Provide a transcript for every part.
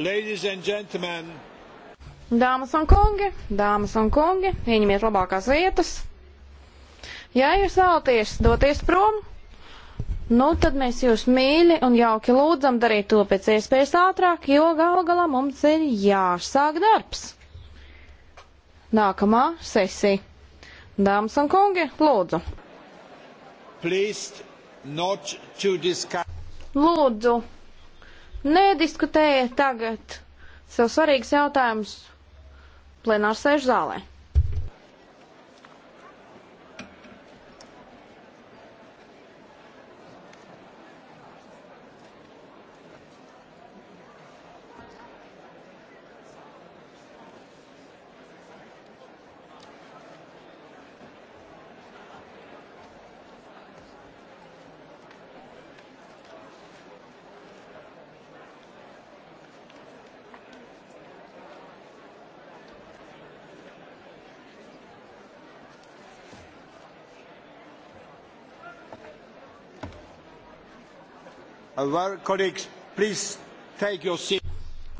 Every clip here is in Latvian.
Ladies and gentlemen. Dāmas un kungi, dāmas un kungi, ieņemiet labākās vietas. Ja jūs vēlaties doties prom, nu tad mēs jūs mīļi un jauki lūdzam darīt to pēc iespējas ātrāk, jo galu galā mums ir jāsāk darbs. Nākamā sesija. Dāmas un kungi, lūdzu. Lūdzu, nediskutējiet tagad sev svarīgus jautājumus plenārsēžu zālē.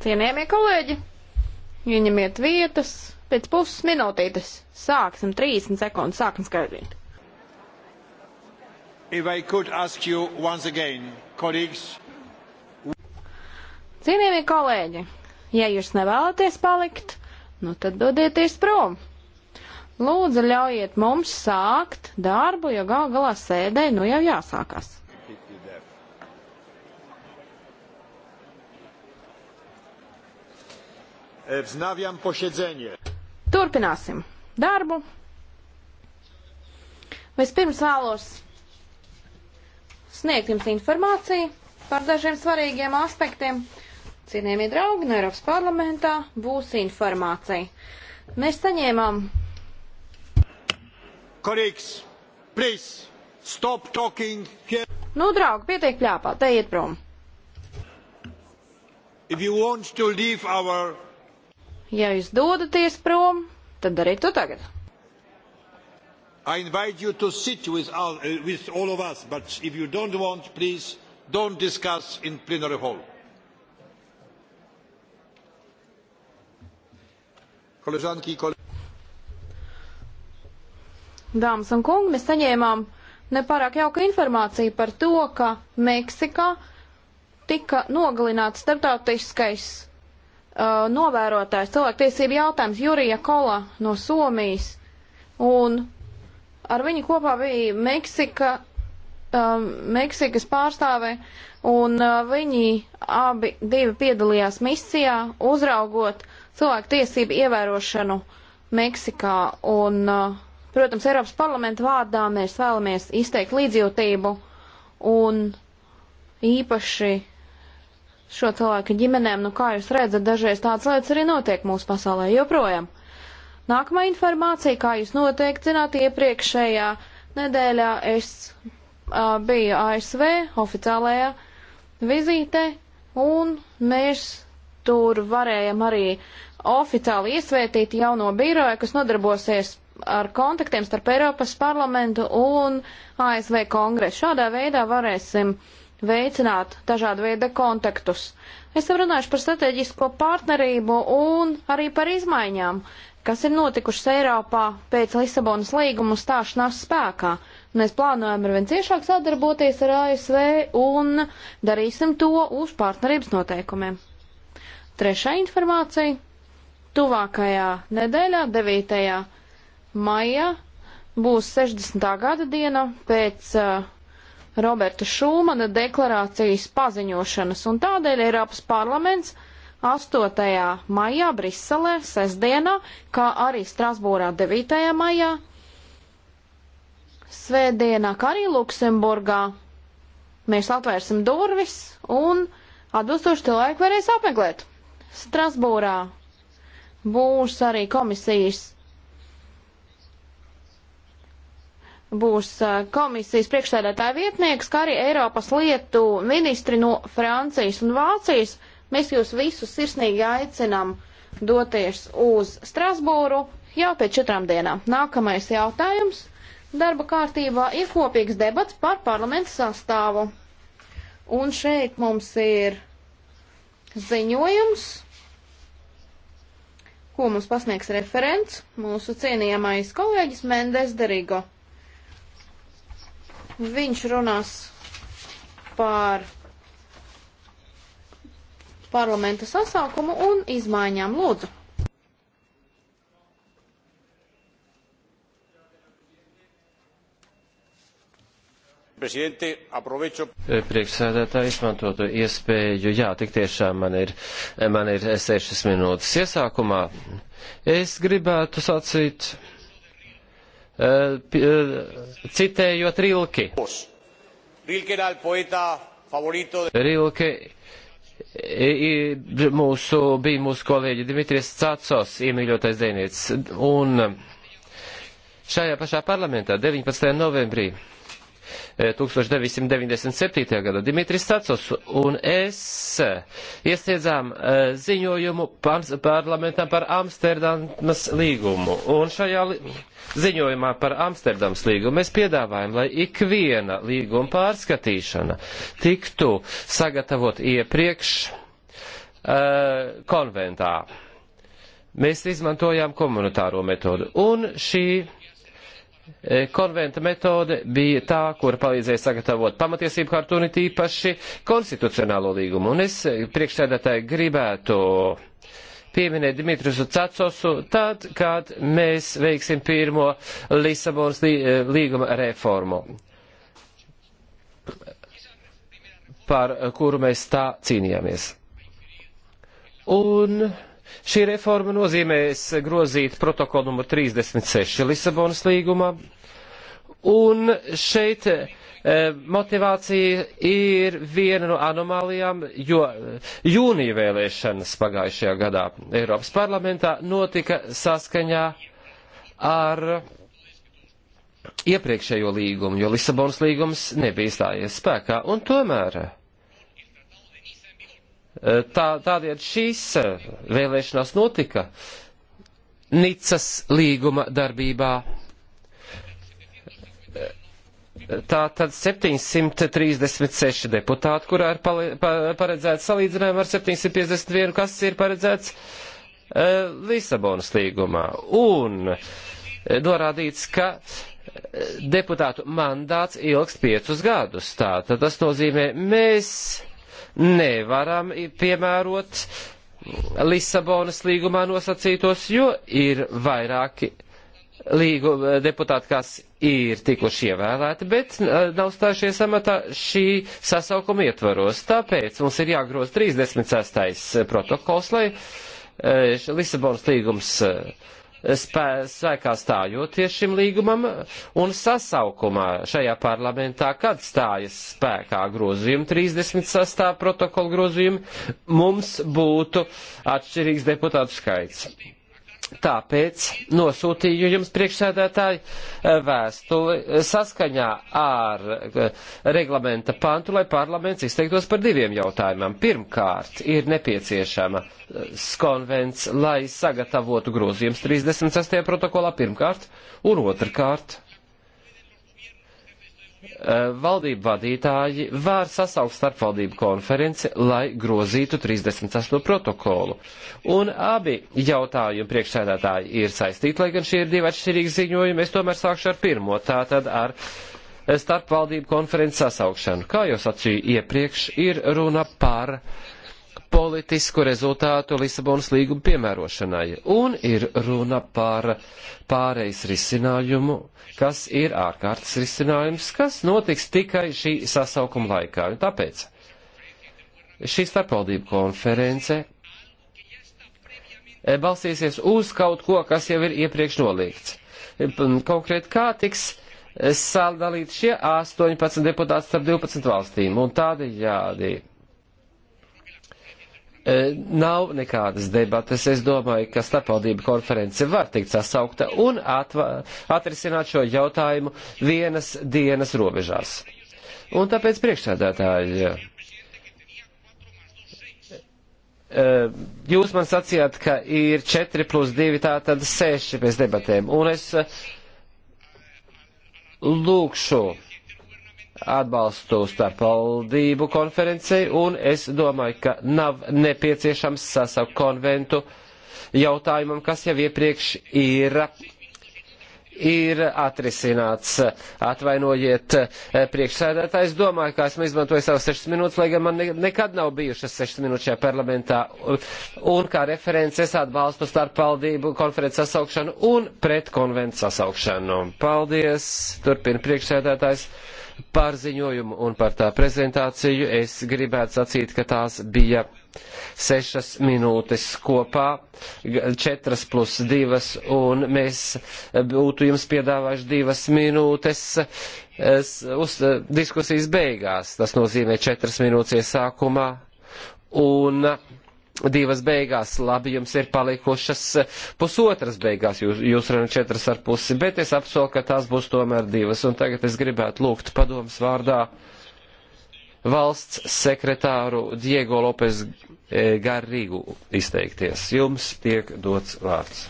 Cienījamie kolēģi, ieņemiet vietas pēc puses minūtītes. Sāksim 30 sekundes, sākam skaidrīt. Cienījamie kolēģi, ja jūs nevēlaties palikt, nu tad dodieties prom. Lūdzu, ļaujiet mums sākt darbu, jo gal galā sēdē nu jau jāsākās. Vznaviam e, posiedzenie. Turpināsim darbu. Vispirms vēlos sniegt jums informāciju par dažiem svarīgiem aspektiem. Cienījamie draugi, no Eiropas parlamentā būs informācija. Mēs saņēmām. Kolīgs, please, stop talking here. Nu, draugi, pietiek pļāpā, te iet prom. If you want to leave our Ja jūs dodaties prom, tad dariet to tagad. All, uh, all us, don't want, please, don't discuss in plenary hall. Koleżanki i koledzy. Dāmas un kungi, mēs saņēmām nepārāk jauka informācija par to, ka Meksikā tika nogalināts starptautiskais uh, novērotājs cilvēktiesību jautājums Jurija Kola no Somijas. Un ar viņu kopā bija Meksika, um, Meksikas pārstāve, un uh, viņi abi divi piedalījās misijā, uzraugot cilvēktiesību ievērošanu Meksikā. Un, uh, protams, Eiropas parlamenta vārdā mēs vēlamies izteikt līdzjūtību un īpaši šo cilvēku ģimenēm, nu kā jūs redzat, dažreiz tādas lietas arī notiek mūsu pasaulē joprojām. Nākamā informācija, kā jūs noteikti zināt, iepriekšējā nedēļā es uh, biju ASV oficiālajā vizītē, un mēs tur varējām arī oficiāli iesvētīt jauno biroju, kas nodarbosies ar kontaktiem starp Eiropas parlamentu un ASV kongresu. Šādā veidā varēsim uh, veicināt dažādu veidu kontaktus. Es jau runāšu par strateģisko partnerību un arī par izmaiņām, kas ir notikušas Eiropā pēc Lisabonas līguma stāšanās spēkā. Mēs plānojam ar vien ciešāk sadarboties ar ASV un darīsim to uz partnerības noteikumiem. Trešā informācija. Tuvākajā nedēļā, 9. maijā, būs 60. gada diena pēc uh, Roberta Šūmana deklarācijas paziņošanas, un tādēļ Eiropas parlaments 8. maijā Briselē, sestdienā, kā arī Strasbūrā 9. maijā, svētdienā, kā arī Luksemburgā, mēs atvērsim durvis un atbilstoši cilvēki varēs apmeklēt. Strasbūrā būs arī komisijas būs komisijas priekšsēdētāja vietnieks, kā arī Eiropas lietu ministri no Francijas un Vācijas. Mēs jūs visus sirsnīgi aicinām doties uz Strasbūru jau pēc četrām dienām. Nākamais jautājums. Darba kārtībā ir kopīgs debats par parlamentu sastāvu. Un šeit mums ir ziņojums, ko mums pasniegs referents, mūsu cienījamais kolēģis Mendes Derigo. Viņš runās par parlamenta sasaukumu un izmaiņām lūdzu. Eh, priekšsēdētāji izmantotu iespēju, jā, tik tiešām man ir, man ir sešas minūtes iesākumā. Es gribētu sacīt Eh, citējot Rilki. Rilke mūsu, bija mūsu kolēģi Dimitris Cacos, iemīļotais dēnietis. Un šajā pašā parlamentā 19. novembrī 1997. gada Dimitris Sacos un es iesniedzām eh, ziņojumu parlamentam par Amsterdamas līgumu. Un šajā li ziņojumā par Amsterdamas līgumu mēs piedāvājam, lai ikviena līguma pārskatīšana tiktu sagatavot iepriekš uh, konventā. Mēs izmantojām komunitāro metodu. Un šī E, konventa metode bija tā, kura palīdzēja sagatavot pamatiesību hartu un tīpaši konstitucionālo līgumu. Un es e, priekšsēdētāji gribētu pieminēt Dimitriju Cacosu tad, kad mēs veiksim pirmo Lisabonas e, līguma reformu, par kuru mēs tā cīnījāmies. Un Šī reforma nozīmēs grozīt protokolu numur 36 Lisabonas līgumā, un šeit eh, motivācija ir viena no anomālijām, jo jūnija vēlēšanas pagājušajā gadā Eiropas parlamentā notika saskaņā ar iepriekšējo līgumu, jo Lisabonas līgums nebija stājies spēkā, un tomēr Eh, tā, tādēļ šīs eh, vēlēšanās notika Nicas līguma darbībā. Eh, tā tad 736 deputāti, kurā ir pali, pa, paredzēts salīdzinājumi ar 751, kas ir paredzēts uh, Lisabonas līgumā. Un norādīts, ka deputātu mandāts ilgst piecus gadus. Tā tad tas nozīmē, mēs nevaram piemērot Lisabonas līgumā nosacītos, jo ir vairāki līgu, deputāti, kas ir tikuši ievēlēti, bet nav stājušies amatā šī sasaukuma ietvaros. Tāpēc mums ir jāgroz 36. protokols, lai e, Lisabonas līgums uh, spēkā stājoties šim līgumam un sasaukumā šajā parlamentā, kad stājas spēkā grozījumi 36. protokola grozījumi, mums būtu atšķirīgs deputātu skaits. Tāpēc nosūtīju jums priekšsēdētāju eh, vēstuli eh, saskaņā ar eh, reglamenta pantu, lai parlaments izteiktos par diviem jautājumiem. Pirmkārt, ir nepieciešama konvents, lai sagatavotu grozījums 36. protokolā pirmkārt, un otrkārt, Eh, valdību vadītāji var sasaukt starpvaldību konferenci, lai grozītu 38. protokolu. Un abi jautājumi priekšsēdētāji ir saistīti, lai gan šie ir divi atšķirīgi ziņojumi. Es tomēr sākšu ar pirmo, tātad ar eh, starpvaldību konferenci sasaukšanu. Kā jau sacīju iepriekš, ir runa par politisku rezultātu Lisabonas līguma piemērošanai, un ir runa par pārejas risinājumu kas ir ārkārtas risinājums, kas notiks tikai šī sasaukuma laikā. Un tāpēc šī starpvaldību konference eh, balstīsies uz kaut ko, kas jau ir iepriekš nolikts. Konkrēti, kā tiks eh, sadalīt šie 18 deputāti starp 12 valstīm. Un tādējādi E, nav nekādas debatas. Es domāju, ka starpvaldība konference var tikt sasaukta un atva, atrisināt šo jautājumu vienas dienas robežās. Un tāpēc priekšsēdētāji, e, jūs man sacījāt, ka ir 4 plus 2, tā tad 6 pēc debatēm. Un es e, lūkšu atbalstu starp valdību konferencei, un es domāju, ka nav nepieciešams sasaukt konventu jautājumam, kas jau iepriekš ir ir atrisināts. Atvainojiet, priekšsēdētājs, domāju, ka esmu izmantojis savas 6 minūtes, lai gan man ne, nekad nav bijušas 6 minūtes šajā parlamentā. Un, un kā referents es atbalstu starpvaldību konferences sasaukšanu un pret konventu sasaukšanu. Paldies, turpina priekšsēdētājs par ziņojumu un par tā prezentāciju. Es gribētu sacīt, ka tās bija sešas minūtes kopā, četras plus divas, un mēs būtu jums piedāvājuši divas minūtes es, uz diskusijas beigās. Tas nozīmē četras minūtes iesākumā. Un divas beigās, labi, jums ir palikušas pusotras beigās, jūs, jūs runājat četras ar pusi, bet es apsolu, ka tās būs tomēr divas. Un tagad es gribētu lūgt padomas vārdā valsts sekretāru Diego Lopes eh, Garrigu izteikties. Jums tiek dots vārds.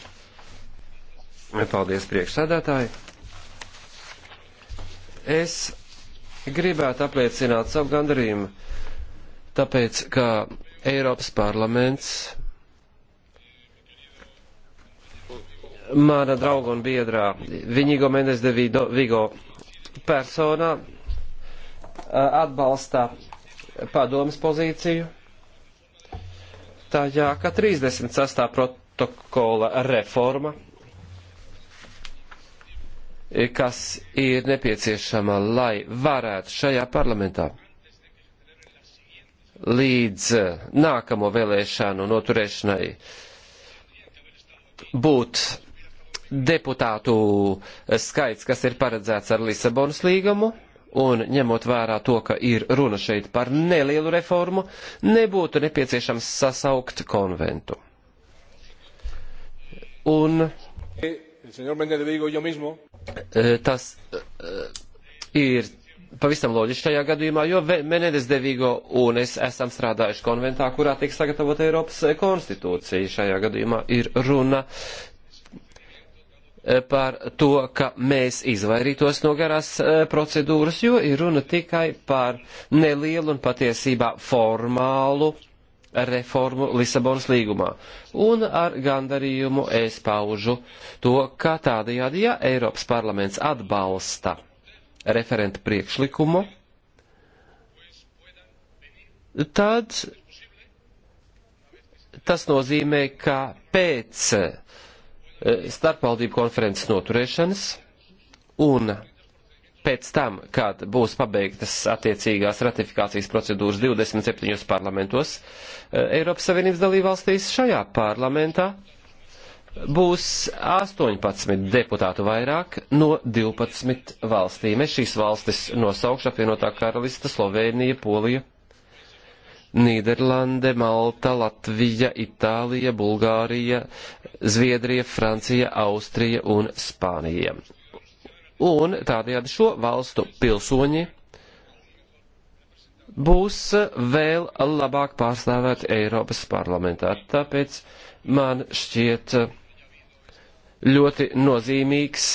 Paldies priekšsēdētāji. Es gribētu apliecināt savu gandarījumu, tāpēc, ka Eiropas parlaments mana drauga un biedrā Viņigo Mendes de Vido, Vigo persona atbalsta padomas pozīciju. Tā jā, ka 36. protokola reforma, kas ir nepieciešama, lai varētu šajā parlamentā līdz eh, nākamo vēlēšanu noturēšanai būt deputātu eh, skaits, kas ir paredzēts ar Lisabonas līgumu, un ņemot vērā to, ka ir runa šeit par nelielu reformu, nebūtu nepieciešams sasaukt konventu. Un eh, tas ir pavisam loģiski šajā gadījumā, jo Menedes Devīgo un es esam strādājuši konventā, kurā tiek sagatavota Eiropas eh, konstitūcija. Šajā gadījumā ir runa eh, par to, ka mēs izvairītos no garās eh, procedūras, jo ir runa tikai par nelielu un patiesībā formālu reformu Lisabonas līgumā. Un ar gandarījumu es paužu to, ka tādajādi, ja Eiropas parlaments atbalsta referenta priekšlikumu, tad tas nozīmē, ka pēc e, starpvaldību konferences noturēšanas un pēc tam, kad būs pabeigtas attiecīgās ratifikācijas procedūras 27 parlamentos e, Eiropas Savienības dalībvalstīs šajā parlamentā, būs 18 deputātu vairāk no 12 valstīm. Es šīs valstis nosaukšu apvienotā karalista, Slovēnija, Polija, Nīderlande, Malta, Latvija, Itālija, Bulgārija, Zviedrija, Francija, Austrija un Spānija. Un tādējādi šo valstu pilsoņi būs vēl labāk pārstāvēti Eiropas parlamentā. Tāpēc man šķiet, ļoti nozīmīgs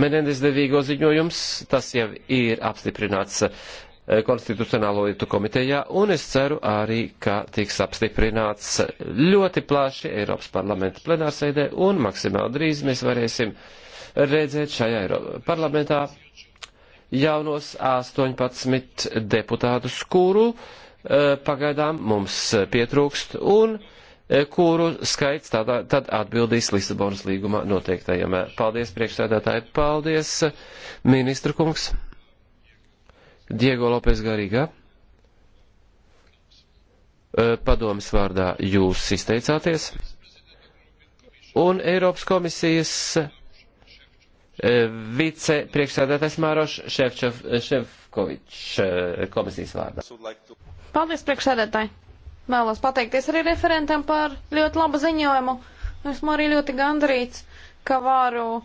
Menendes devīgo ziņojums. Tas jau ir apstiprināts eh, konstitucionālo lietu komitejā, un es ceru arī, ka tiks apstiprināts ļoti plaši Eiropas parlamenta plenārsēdē, un maksimāli drīz mēs varēsim redzēt šajā Eiropas parlamentā jaunos 18 deputātus, kuru eh, pagaidām mums pietrūkst, un uh, E, kuru skaits tādā, tad atbildīs Lisabonas līgumā noteiktajam. Paldies, priekšsēdētāji, paldies, ministra kungs. Diego Lopes Garīga. E, padomas vārdā jūs izteicāties. Un Eiropas komisijas e, vicepriekšsēdētājs Mārošs Šefčovičs komisijas vārdā. Paldies, priekšsēdētāji! Vēlos pateikties arī referentam par ļoti labu ziņojumu. Esmu arī ļoti gandrīts, ka varu uh,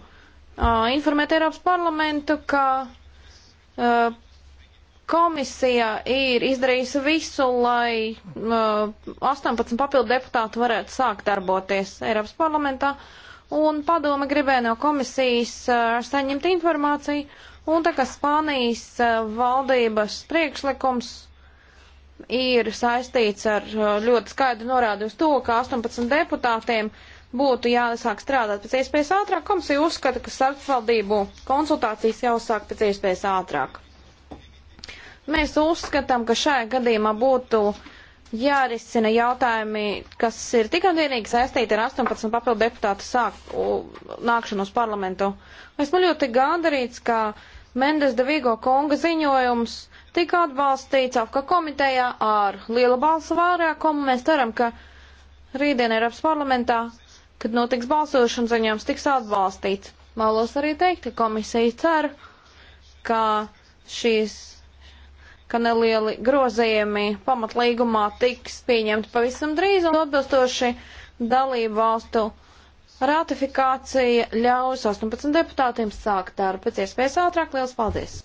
informēt Eiropas parlamentu, ka uh, komisija ir izdarījusi visu, lai uh, 18 papildu deputātu varētu sākt darboties Eiropas parlamentā. Un padome gribēja no komisijas uh, saņemt informāciju, un tā kā Spānijas uh, valdības priekšlikums ir saistīts ar uh, ļoti skaidru norādi uz to, ka 18 deputātiem būtu jāsāk strādāt pēc iespējas ātrāk. Komisija uzskata, ka starpvaldību konsultācijas jāuzsāk pēc iespējas ātrāk. Mēs uzskatām, ka šajā gadījumā būtu jārisina jautājumi, kas ir tikai un vienīgi saistīti ar 18 papildu deputātu sāk, nākšanu uz parlamentu. Esmu ļoti gandarīts, ka Mendes de Vigo konga ziņojums uh, tika atbalstīts AFK komitejā ar lielu balsu vairākumu. Mēs ceram, ka rītdien Eiropas parlamentā, kad notiks balsošana, ziņojums tiks atbalstīts. Vēlos arī teikt, ka komisija cer, ka šīs, ka nelieli grozījumi pamatlīgumā tiks pieņemti pavisam drīz un atbilstoši dalību valstu ratifikācija ļaus 18 deputātiem sākt darbu pēc iespējas ātrāk. Liels paldies!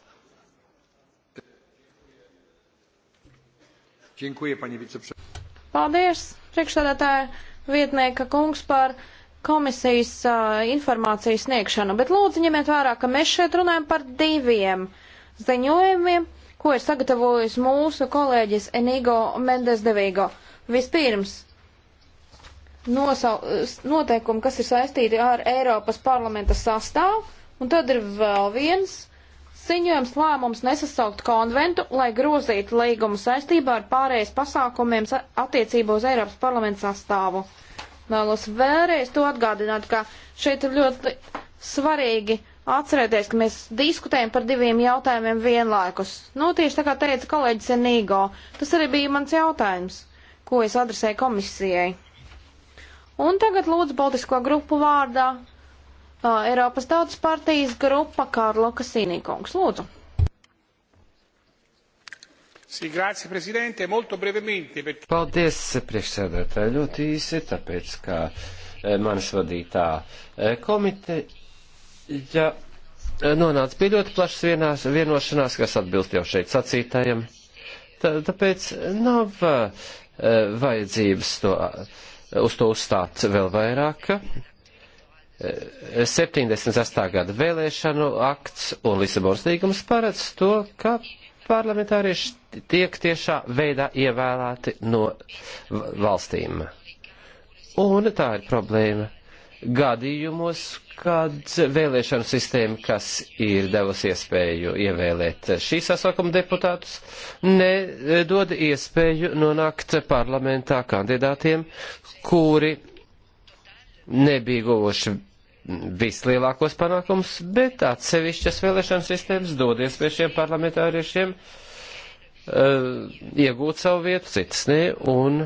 Čienkuja, paņi vicepriekšsēdētāji. Paldies, priekšsēdētāja vietnieka kungs par komisijas uh, informācijas sniegšanu, bet lūdzu ņemiet vērā, ka mēs šeit runājam par diviem ziņojumiem, ko ir sagatavojis mūsu kolēģis Enigo Mendes Devīgo. Vispirms nosau, noteikumi, kas ir saistīti ar Eiropas parlamenta sastāvu, un tad ir vēl viens Ziņojums lēmums nesasaukt konventu, lai grozītu līgumu saistībā ar pārējais pasākumiem attiecībā uz Eiropas parlamentu sastāvu. Vēlos vēlreiz to atgādināt, ka šeit ir ļoti svarīgi atcerēties, ka mēs diskutējam par diviem jautājumiem vienlaikus. Nu, tieši tā kā teica kolēģis Enīgo, tas arī bija mans jautājums, ko es adresēju komisijai. Un tagad lūdzu Baltisko grupu vārdā Uh, Eiropas Tautas partijas grupa Kārlo Kasīnīkungs. Lūdzu. Sī, grāci, prezidente, molto brevemente. Bet... Paldies, priekšsēdētāji, ļoti īsi, tāpēc, ka eh, manas vadītā eh, komiteja eh, nonāca pie ļoti plašas vienās, vienošanās, kas atbilst jau šeit sacītājiem. Tā, tāpēc nav vajadzības to, uz to uzstāt vēl vairāk 78. gada vēlēšanu akts un Lisabonas līgums paredz to, ka parlamentārieši tiek tiešā veidā ievēlēti no valstīm. Un tā ir problēma gadījumos, kad vēlēšanu sistēma, kas ir devusi iespēju ievēlēt šīs sasaukuma deputātus, nedod iespēju nonākt parlamentā kandidātiem, kuri nebija guvuši vislielākos panākumus, bet atsevišķas vēlēšana sistēmas dod iespēju parlamentāriešiem uh, iegūt savu vietu, citas nē, un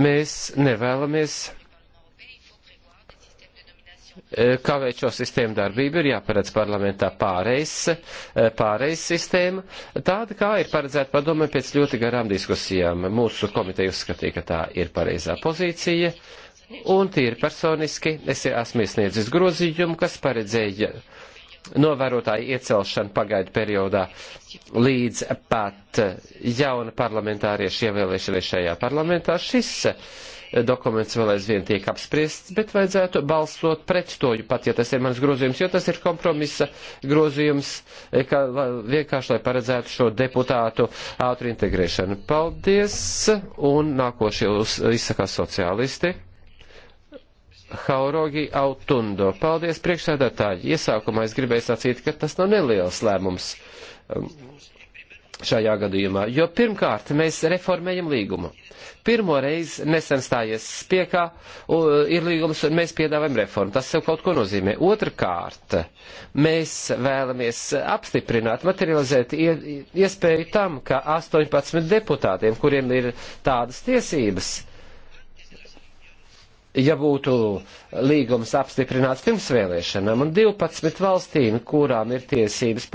mēs nevēlamies eh, kavēt šo sistēmu darbību, ir jāparedz parlamentā pārejas, eh, pārejas sistēma, tāda kā ir paredzēta padome pēc ļoti garām diskusijām. Mūsu komiteja uzskatīja, ka tā ir pareizā pozīcija, Un tīri personiski es esmu iesniedzis grozījumu, kas paredzēja novērotāju iecelšanu pagaidu periodā līdz pat jauna parlamentārieša ievēlēšanai šajā parlamentā. Šis eh, dokuments vēl aizvien tiek apspriests, bet vajadzētu balsot pret to, pat ja tas ir mans grozījums, jo tas ir kompromisa grozījums, eh, ka vienkārši, lai paredzētu šo deputātu ātru integrēšanu. Paldies, un nākošie izsaka sociālisti. Haurogi Autundo. Paldies priekšsēdētāji. Iesākumā es gribēju sacīt, ka tas nav neliels lēmums um, šajā gadījumā, jo pirmkārt mēs reformējam līgumu. Pirmo reizi nesen stājies spiekā, ir līgums, un mēs piedāvājam reformu. Tas jau kaut ko nozīmē. Otrkārt, mēs vēlamies apstiprināt, materializēt iespēju tam, ka 18 deputātiem, kuriem ir tādas tiesības, ja būtu līgums apstiprināts pirms vēlēšanām un 12 valstīm, kurām ir tiesības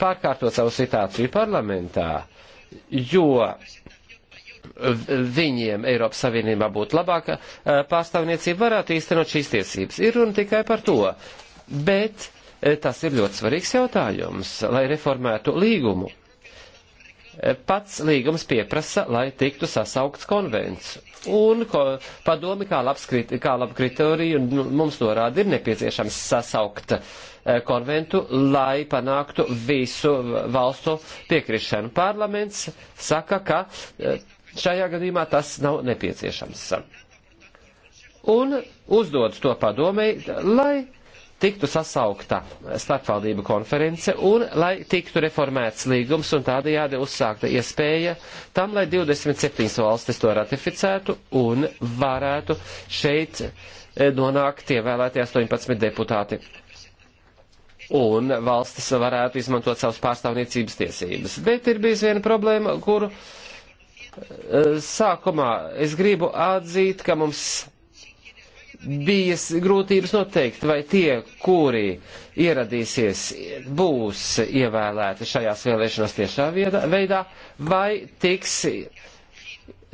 pārkārtot savu situāciju parlamentā, jo viņiem Eiropas Savienībā būtu labāka eh, pārstāvniecība, varētu īstenot šīs tiesības. Ir runa tikai par to. Bet eh, tas ir ļoti svarīgs jautājums, lai reformētu līgumu. Pats līgums pieprasa, lai tiktu sasaukts konvents. Un ko, padomi, kā, labs, kā labu kriteriju nu, mums norāda, ir nepieciešams sasaukt e, konventu, lai panāktu visu valstu piekrišanu. Parlaments saka, ka e, šajā gadījumā tas nav nepieciešams. Un uzdod to padomei, lai tiktu sasaukta starpvaldību konference un lai tiktu reformēts līgums un tādējādi uzsākta iespēja tam, lai 27 valstis to ratificētu un varētu šeit e, nonākt ievēlēti 18 deputāti. Un valstis varētu izmantot savas pārstāvniecības tiesības. Bet ir bijis viena problēma, kuru e, sākumā es gribu atzīt, ka mums bijis grūtības noteikt, vai tie, kuri ieradīsies, būs ievēlēti šajās vēlēšanās tiešā veidā, vai tiks e,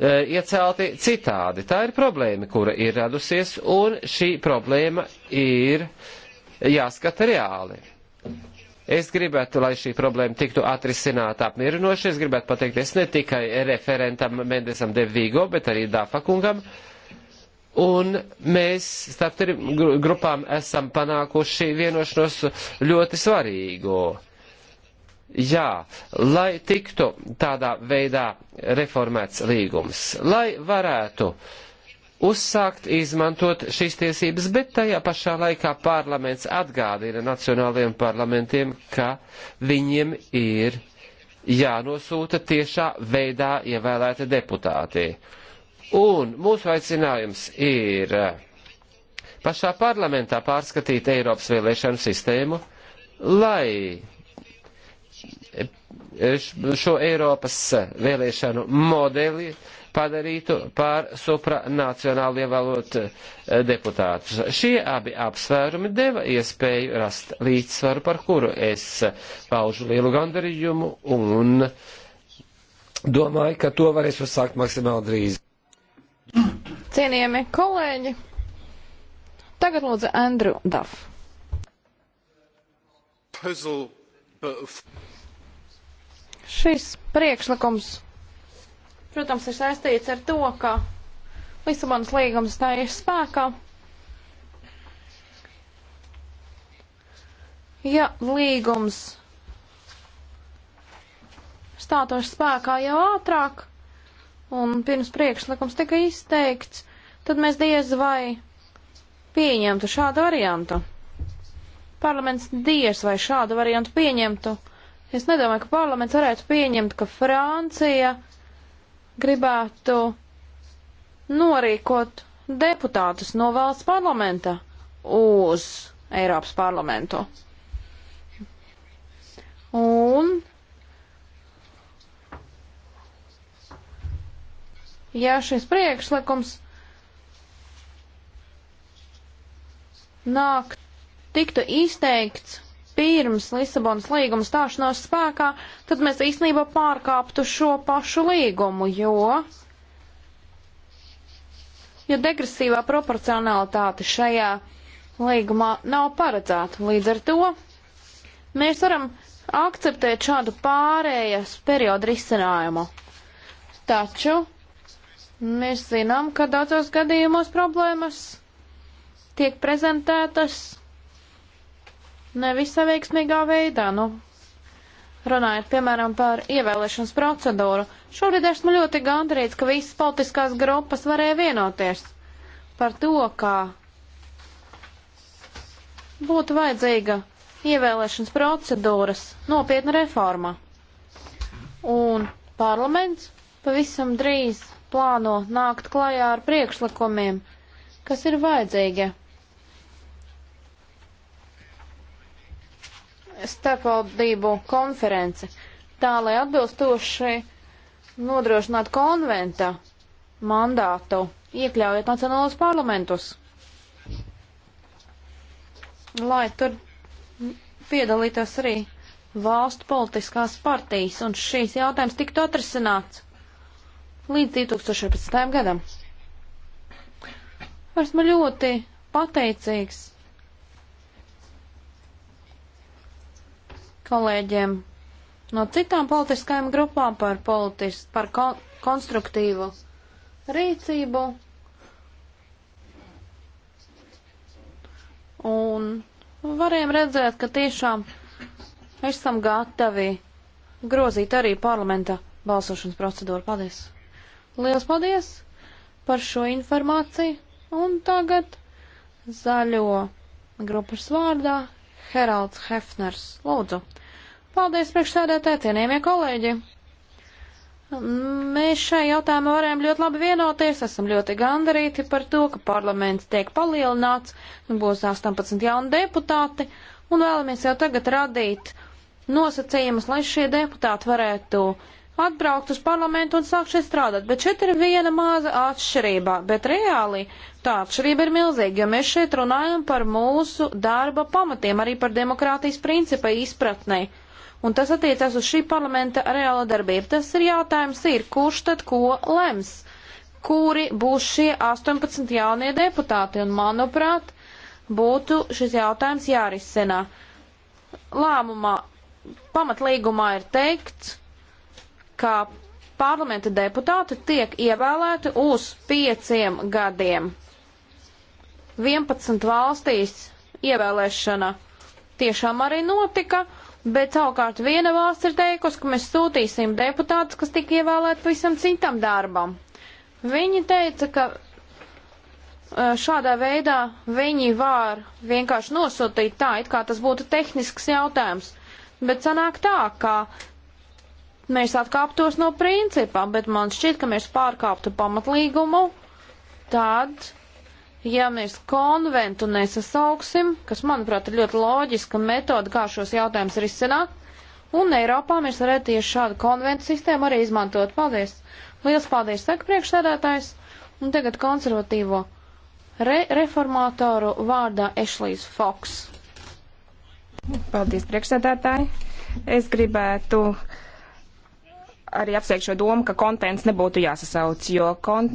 iecelti citādi. Tā ir problēma, kura ir radusies, un šī problēma ir jāskata reāli. Es gribētu, lai šī problēma tiktu atrisināta apmierinoši. Es gribētu pateikt, es ne tikai referentam Mendesam Devīgo, bet arī Dāfa kungam. Uh, un mēs starp trim grupām esam panākuši vienošanos ļoti svarīgu. Jā, lai tiktu tādā veidā reformēts līgums, lai varētu uzsākt izmantot šīs tiesības, bet tajā pašā laikā parlaments atgādina nacionālajiem parlamentiem, ka viņiem ir jānosūta tiešā veidā ievēlēti deputāti. Uh, Un mūsu aicinājums ir eh, pašā parlamentā pārskatīt Eiropas vēlēšanu sistēmu, lai eh, šo Eiropas vēlēšanu modeli padarītu pār supranacionāli ievēlot eh, deputātus. Šie abi apsvērumi deva iespēju rast līdzsvaru, par kuru es paužu lielu gandarījumu un domāju, ka to varēs uzsākt maksimāli drīz. Cienījami kolēģi, tagad lūdzu Andrew Duff. Puzzle, but... Šis priekšlikums, protams, ir saistīts ar to, ka Lisabonas līgums tā ir spēkā. Ja līgums stātos spēkā jau ātrāk, un pirms priekšlikums tika izteikts, tad mēs diez vai pieņemtu šādu variantu. Parlaments diez vai šādu variantu pieņemtu. Es nedomāju, ka parlaments varētu pieņemt, ka Francija gribētu norīkot deputātus no valsts parlamenta uz Eiropas parlamentu. Un ja šis priekšlikums nāk tiktu izteikts pirms Lisabonas līguma stāšanās spēkā, tad mēs īstenībā pārkāptu šo pašu līgumu, jo, jo degresīvā proporcionalitāte šajā līgumā nav paredzēta. Līdz ar to mēs varam akceptēt šādu pārējas periodu risinājumu. Taču Mēs zinām, ka daudzos gadījumos problēmas tiek prezentētas nevisai veiksmīgā veidā. Nu, runājot, piemēram, par ievēlēšanas procedūru, šobrīd esmu ļoti gandrīz, ka visas politiskās grupas varēja vienoties par to, kā būtu vajadzīga ievēlēšanas procedūras nopietna reforma. Un parlaments pavisam drīz plāno nākt klajā ar priekšlikumiem, kas ir vajadzīgi. Starpvaldību konference, tā lai atbilstoši nodrošinātu konventa mandātu, iekļaujot nacionālos parlamentus, lai tur piedalītos arī valstu politiskās partijas, un šīs jautājums tiktu atrisināts līdz 2014. gadam. Esmu ļoti pateicīgs kolēģiem no citām politiskajām grupām par, politis, par kon konstruktīvu rīcību. Un varējām redzēt, ka tiešām esam gatavi grozīt arī parlamenta balsošanas procedūru. Paldies! Liels paldies par šo informāciju. Un tagad zaļo grupas vārdā Heralds Hefners. Lūdzu. Paldies priekšsēdētāji, cienījamie kolēģi. Mēs šai jautājumā varējām ļoti labi vienoties, esam ļoti gandarīti par to, ka parlaments tiek palielināts, būs 18 jauni deputāti, un vēlamies jau tagad radīt nosacījumus, lai šie deputāti varētu uh, atbraukt uz parlamentu un sākt šeit strādāt. Bet šeit ir viena maza atšķirība, bet reāli tā atšķirība ir milzīga, jo mēs šeit runājam par mūsu darba pamatiem, arī par demokrātijas principa izpratnē. Un tas attiecās uz šī parlamenta reālo darbību. Tas ir jautājums ir, kurš tad ko lems, kuri būs šie 18 jaunie deputāti, un manuprāt, būtu šis jautājums jārisina. Lēmumā pamatlīgumā ir teikts, ka parlamenta deputāti tiek ievēlēti uz pieciem gadiem. 11 valstīs ievēlēšana tiešām arī notika, bet savukārt viena valsts ir teikusi, ka mēs sūtīsim deputātus, kas tika ievēlēti pavisam citam darbam. Viņi teica, ka šādā veidā viņi var vienkārši nosūtīt tā, it kā tas būtu tehnisks jautājums. Bet sanāk tā, ka mēs atkāptos no principā, bet man šķiet, ka mēs pārkāptu pamatlīgumu, tad, ja mēs konventu nesasauksim, kas, manuprāt, ir ļoti loģiska metoda, kā šos jautājumus risināt, un Eiropā mēs varētu tieši šādu konventu sistēmu arī izmantot. Paldies! Liels paldies, saka priekšsēdētājs, un tagad konservatīvo re reformātoru vārdā Ešlijs Foks. Paldies, priekšsēdētāji! Es gribētu uh, arī apsveikšu šo domu, ka konvents nebūtu jāsasauc, jo kon,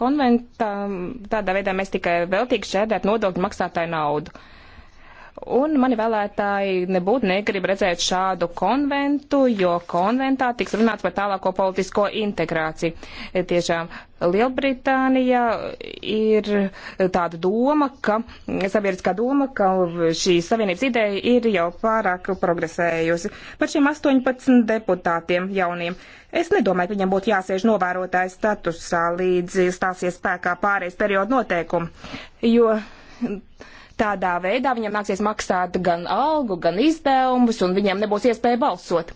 konventā tādā veidā mēs tikai veltīgi šķērdētu nodokļu maksātāju naudu. Uh, Un mani vēlētāji nebūtu negrib redzēt šādu konventu, jo konventā tiks runāts par tālāko politisko integrāciju. E, tiešām Lielbritānijā ir tāda doma, ka, sabiedriskā doma, ka šī savienības ideja ir jau pārāk progresējusi. Par šiem 18 deputātiem jauniem. Es nedomāju, ka viņam būtu jāsēž novērotāju statusā līdz stāsies spēkā pārējais periodu noteikumu, jo Tādā veidā viņam nāksies maksāt gan algu, gan izdevumus, un viņiem nebūs iespēja balsot.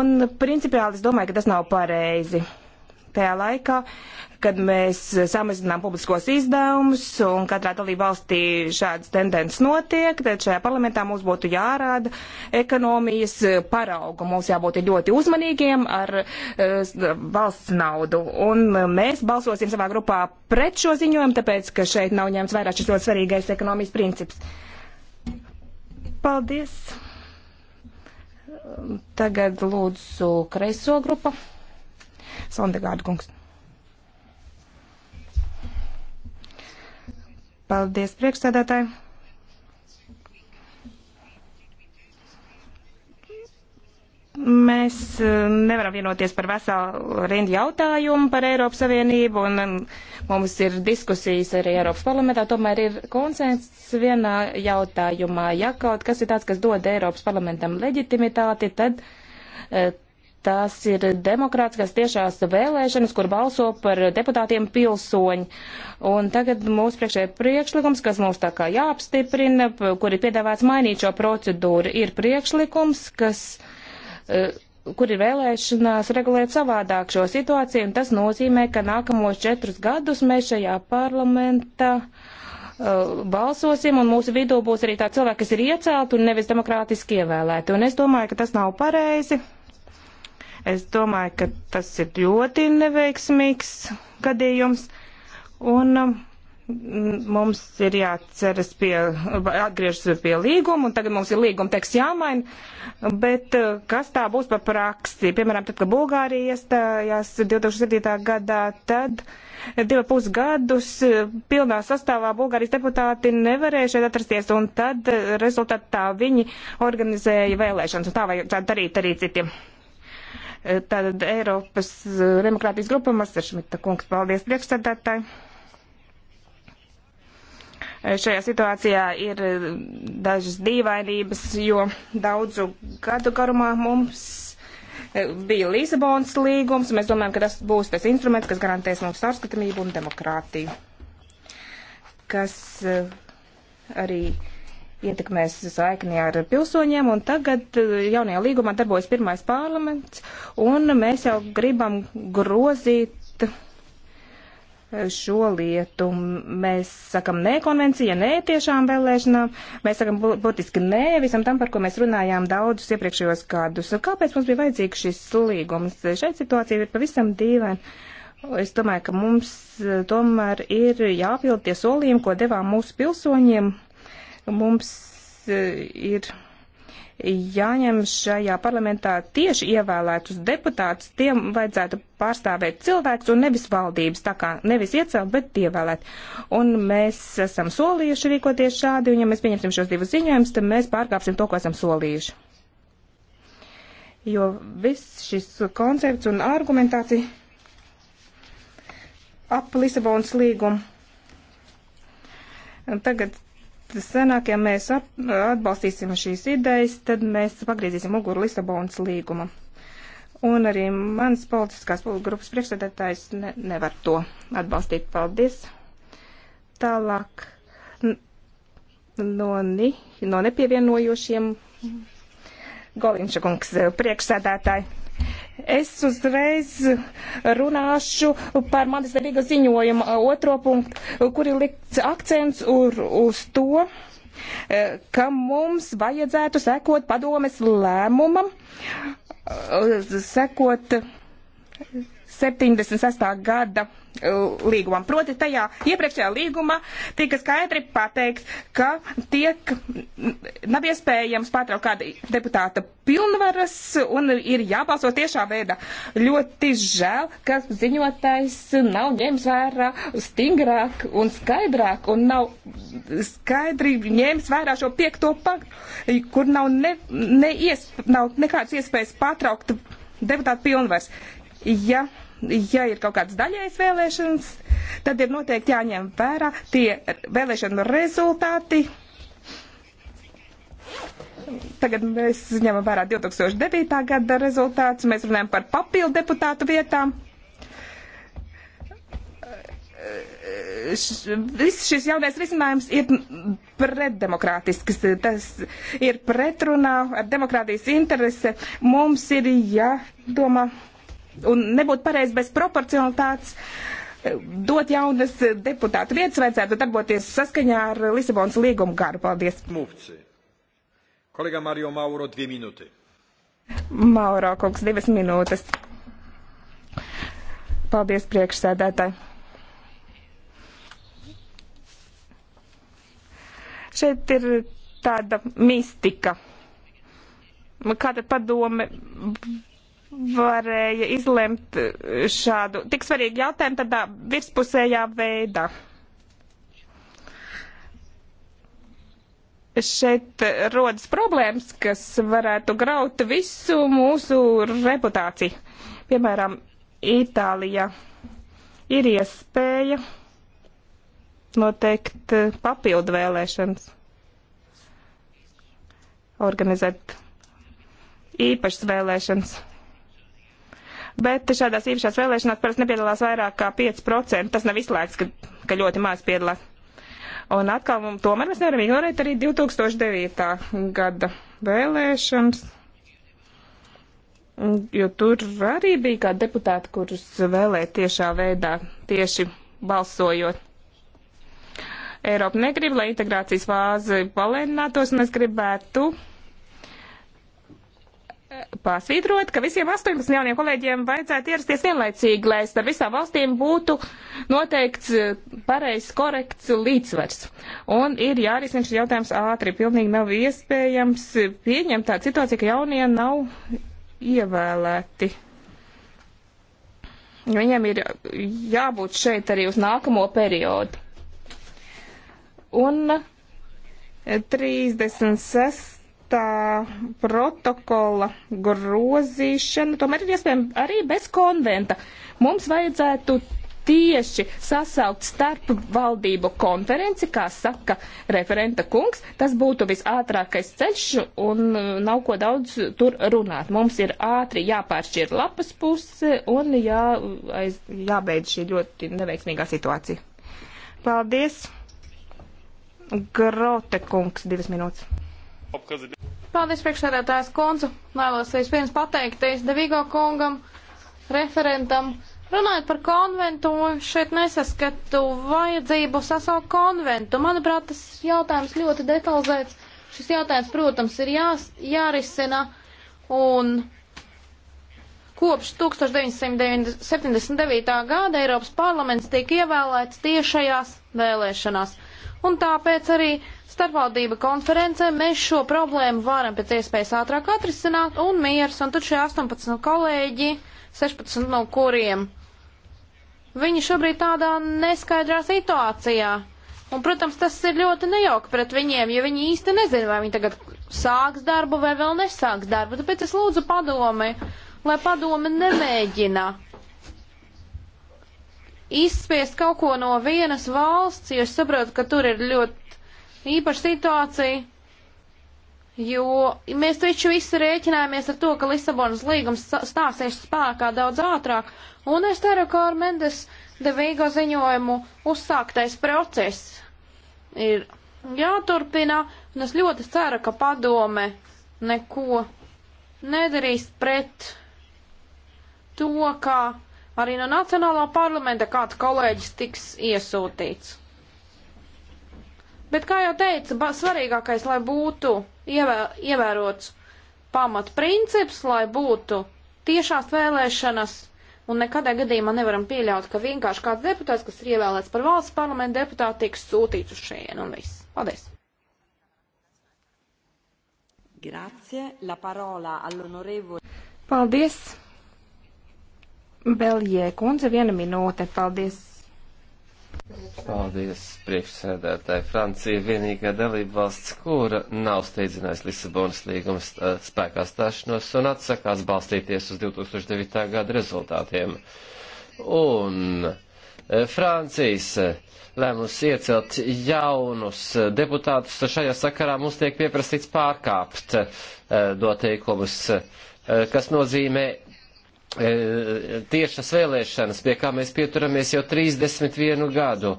Un principiāli es domāju, ka tas nav pareizi tajā laikā, kad mēs samazinām publiskos izdevumus un katrā dalība valstī šādas tendences notiek, tad šajā parlamentā mums būtu jārāda ekonomijas parauga. Mums jābūt ļoti uzmanīgiem ar uh, valsts naudu. Un mēs balsosim savā grupā pret šo ziņojumu, tāpēc, ka šeit nav ņemts vērā šis ļoti svarīgais ekonomijas princips. Paldies! Tagad lūdzu kreiso grupu. Sondegārda kungs. Paldies, priekšsēdētāji. Mēs eh, nevaram vienoties par veselu rindu jautājumu par Eiropas Savienību, un um, mums ir diskusijas arī Eiropas parlamentā. Tomēr ir konsensus vienā jautājumā. Ja kaut kas ir tāds, kas dod Eiropas parlamentam leģitimitāti, tad eh, Tās ir demokrātiskas tiešās vēlēšanas, kur balso par deputātiem pilsoņi. Un tagad mūsu priekšē priekšlikums, kas mums tā kā jāapstiprina, kur ir piedāvāts mainīt šo procedūru, ir priekšlikums, kas eh, kur ir vēlēšanās regulēt savādāk šo situāciju, un tas nozīmē, ka nākamos četrus gadus mēs šajā parlamentā eh, balsosim, un mūsu vidū būs arī tā cilvēki, kas ir iecelti un nevis demokrātiski ievēlēti. Un es domāju, ka tas nav pareizi. Es domāju, ka tas ir ļoti neveiksmīgs gadījums, un um, mums ir jāatceras pie, atgriežas pie līguma, un tagad mums ir līguma teksts jāmaina, bet uh, kas tā būs par praksi? Piemēram, tad, kad Bulgārija iestājās 2007. gadā, tad divu pusgadus uh, pilnā sastāvā Bulgārijas deputāti nevarēja šeit atrasties, un tad uh, rezultātā viņi organizēja vēlēšanas, un tā vajadzētu darīt arī citiem. Tātad Eiropas eh, demokrātijas grupa Masteršmita kungs, paldies priekšstādātāji. Eh, šajā situācijā ir eh, dažas dīvainības, jo daudzu gadu garumā mums bija Lisabonas līgums. Mēs domājam, ka tas būs tas instruments, kas garantēs mums caurskatāmību un demokrātiju. Kas arī uh, ietekmēs saikni ar pilsoņiem, un tagad eh, jaunajā līgumā darbojas pirmais parlaments, un mēs jau gribam grozīt eh, šo lietu. Mēs sakam nē konvencija, nē tiešām vēlēšanām, mēs sakam būtiski nē visam tam, par ko mēs runājām daudzus iepriekšējos gadus. Kāpēc mums bija vajadzīgs šis līgums? Šeit situācija ir pavisam dīvaina. Es domāju, ka mums eh, tomēr ir jāpild tie solījumi, ko devām mūsu pilsoņiem Mums e, ir jāņem šajā parlamentā tieši ievēlētus deputātus, tiem vajadzētu pārstāvēt cilvēks un nevis valdības, tā kā nevis iecelt, bet ievēlēt. Un mēs esam solījuši rīkoties šādi, un ja mēs pieņemsim šos divus ziņojumus, tad mēs pārkāpsim to, ko esam solījuši. Jo viss šis koncepts un argumentācija ap Lisabonas līgumu. Tagad sanāk, ja mēs atbalstīsim šīs idejas, tad mēs pagriezīsim muguru Lisabonas līguma. Un arī mans politiskās grupas priekšsēdētājs ne, nevar to atbalstīt. Paldies! Tālāk no, ne, no nepievienojošiem Golinča kungs priekšsēdētāji. Es uzreiz runāšu par manis derīga ziņojuma otro punktu, kur ir likts akcents uz, uz to, ka mums vajadzētu sekot padomes lēmumam, sekot 76. gada uh, līgumam. Proti tajā iepriekšējā līgumā tika skaidri pateikts, ka tiek nav iespējams pārtraukt kāda deputāta pilnvaras un ir jābalso tiešā veidā. Ļoti žēl, ka ziņotājs nav ņēmis vērā stingrāk un skaidrāk un nav skaidri ņēmis vērā šo piekto paktu, kur nav, ne, ne iesp, nav nekādas iespējas pārtraukt deputātu pilnvaras ja, ja ir kaut kādas daļējas vēlēšanas, tad ir noteikti jāņem vērā tie vēlēšanu rezultāti. Tagad mēs ņemam vērā 2009. gada rezultātus, mēs runājam par papildu deputātu vietām. Viss šis jaunais risinājums ir pretdemokrātisks, tas ir pretrunā ar demokrātijas interese. Mums ir jādomā. Ja, un nebūtu pareizi bez proporcionalitātes eh, dot jaunas eh, deputātu vietas, vajadzētu darboties saskaņā ar Lisabonas līgumu garu. Paldies. Mūpci. Kolega Mario Mauro, divi minūti. Mauro, kungs, divas minūtes. Paldies, priekšsēdētāji. Šeit ir tāda mistika. Kāda padome varēja izlemt šādu tik svarīgu jautājumu tādā virspusējā veidā. Šeit rodas problēmas, kas varētu graut visu mūsu reputāciju. Piemēram, Itālijā ir iespēja noteikt papildu vēlēšanas, organizēt īpašas vēlēšanas bet šādās īpašās vēlēšanās parasti nepiedalās vairāk kā 5%. Tas nav izslēgts, ka, ka ļoti maz piedalās. Un atkal, un tomēr mēs nevaram ignorēt arī 2009. gada vēlēšanas, jo tur arī bija kādi deputāti, kurus vēlēja tiešā veidā, tieši balsojot. Eiropa negrib, lai integrācijas fāze palēninātos, un es gribētu pasvītrot, ka visiem 18 jauniem kolēģiem vajadzētu ierasties vienlaicīgi, lai starp visām valstīm būtu noteikts eh, pareizs, korekts līdzsvars. Un ir jārisina šis jautājums ātri. Pilnīgi nav iespējams pieņemt tādu situāciju, ka jaunie nav ievēlēti. Viņiem ir jābūt šeit arī uz nākamo periodu. Un 36 eh, tā protokola grozīšana tomēr ir iespējama arī bez konventa. Mums vajadzētu tieši sasaukt starp valdību konferenci, kā saka referenta kungs. Tas būtu visātrākais ceļš un uh, nav ko daudz tur runāt. Mums ir ātri jāpāršķir lapas puse un jā, aiz, jābeidz šī ļoti neveiksmīgā situācija. Paldies! Grote kungs, divas minūtes. Paldies, priekšsēdētājs Koncu. Vēlos vispirms pateikties Devīgo kungam, referentam. Runājot par konventu, šeit nesaskatu vajadzību sasaukt konventu. Manuprāt, tas jautājums ļoti detalizēts. Šis jautājums, protams, ir jā, jārisina. Un kopš 1979. gada Eiropas parlaments tiek ievēlēts tiešajās vēlēšanās. Un tāpēc arī starpvaldība konferencē mēs šo problēmu varam pēc iespējas ātrāk atrisināt un miers, un tad šie 18 kolēģi, 16 no kuriem viņi šobrīd tādā neskaidrā situācijā. Un, protams, tas ir ļoti nejauki pret viņiem, jo viņi īsti nezina, vai viņi tagad sāks darbu vai vēl nesāks darbu. Tāpēc es lūdzu padomi, lai padomi nemēģina izspiest kaut ko no vienas valsts, jo es saprotu, ka tur ir ļoti īpaša situācija, jo mēs taču visi rēķinājāmies ar to, ka Lisabonas līgums stāsies spēkā daudz ātrāk, un es ceru, ka ar Mendes devīgo ziņojumu uzsāktais process ir jāturpina, un es ļoti ceru, ka padome neko nedarīs pret to, kā arī no Nacionālā parlamenta kāds kolēģis tiks iesūtīts. Bet, kā jau teicu, svarīgākais, lai būtu ievērots pamatprincips, lai būtu tiešās vēlēšanas, un nekadā gadījumā nevaram pieļaut, ka vienkārši kāds deputāts, kas ir ievēlēts par valsts parlamentu deputātu, tiek sūtīts uz šejienu un viss. Paldies! Grazie, la parola all'onorevole. Paldies! Beljē kundze, viena minūte. Paldies! Paldies, priekšsēdētāji. Francija vienīgā dalība valsts, kura nav steidzinājusi Lisabonas līgumas eh, spēkā stāšanos un atsakās balstīties uz 2009. gada rezultātiem. Un eh, Francijas eh, lēmums iecelt jaunus deputātus šajā sakarā mums tiek pieprasīts pārkāpt noteikumus, kas nozīmē E, tiešas vēlēšanas, pie kā mēs pieturamies jau 31 gadu.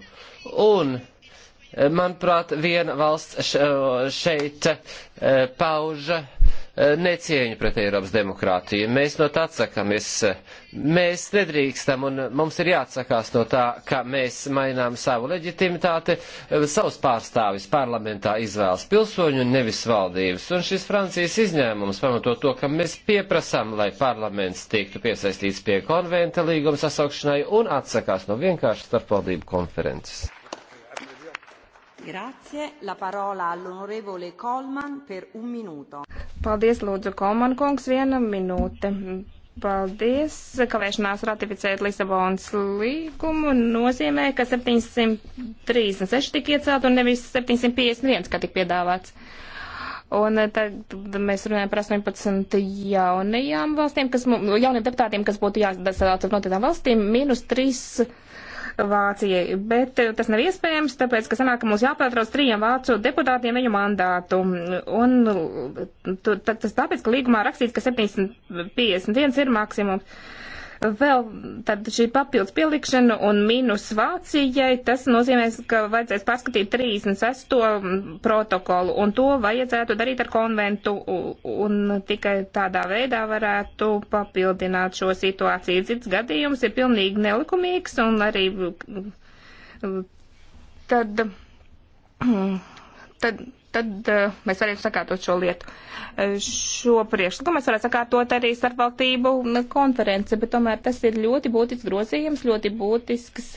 Un, e, manuprāt, viena valsts šeit e, pauža necieņu pret Eiropas demokrātiju. Mēs no tā atsakamies. Mēs nedrīkstam un mums ir jāatsakās no tā, ka mēs mainām savu leģitimitāti, savus pārstāvis parlamentā izvēlas pilsoņu un nevis valdības. Un šis Francijas izņēmums pamato to, ka mēs pieprasām, lai parlaments tiktu piesaistīts pie konventa līguma sasaukšanai un atsakās no vienkāršas starpvaldību konferences. Grazie. La parola all'onorevole Colman per un minuto. Paldies, lūdzu, Kolman kungs, viena minūte. Paldies! Kavēšanās ratificēt Lisabonas līgumu nozīmē, ka 736 tika iecelt un nevis 751, kā tika piedāvāts. Un tad mēs runājam par 18 jaunajām valstīm, kas, jauniem deputātiem, kas būtu jāsadāca no tādām valstīm, mīnus 3 Vācijai, bet eh, tas nav iespējams, tāpēc, ka sanāk, ka mums jāpārtrauc trījiem vācu deputātiem viņu mandātu. Un eh, tas tāpēc, ka līgumā rakstīts, ka 751 ir maksimums. Vēl tad šī papildus pielikšana un mīnus Vācijai, tas nozīmēs, ka vajadzēs pārskatīt 36. protokolu, un to vajadzētu darīt ar konventu, un tikai tādā veidā varētu papildināt šo situāciju. Cits gadījums ir pilnīgi nelikumīgs, un arī tad. Tad tad uh, mēs varētu sakārtot šo lietu. Uh, šo priekšlikumu mēs varētu sakārtot arī starpvaldību mm, konference, bet tomēr tas ir ļoti būtisks grozījums, ļoti būtisks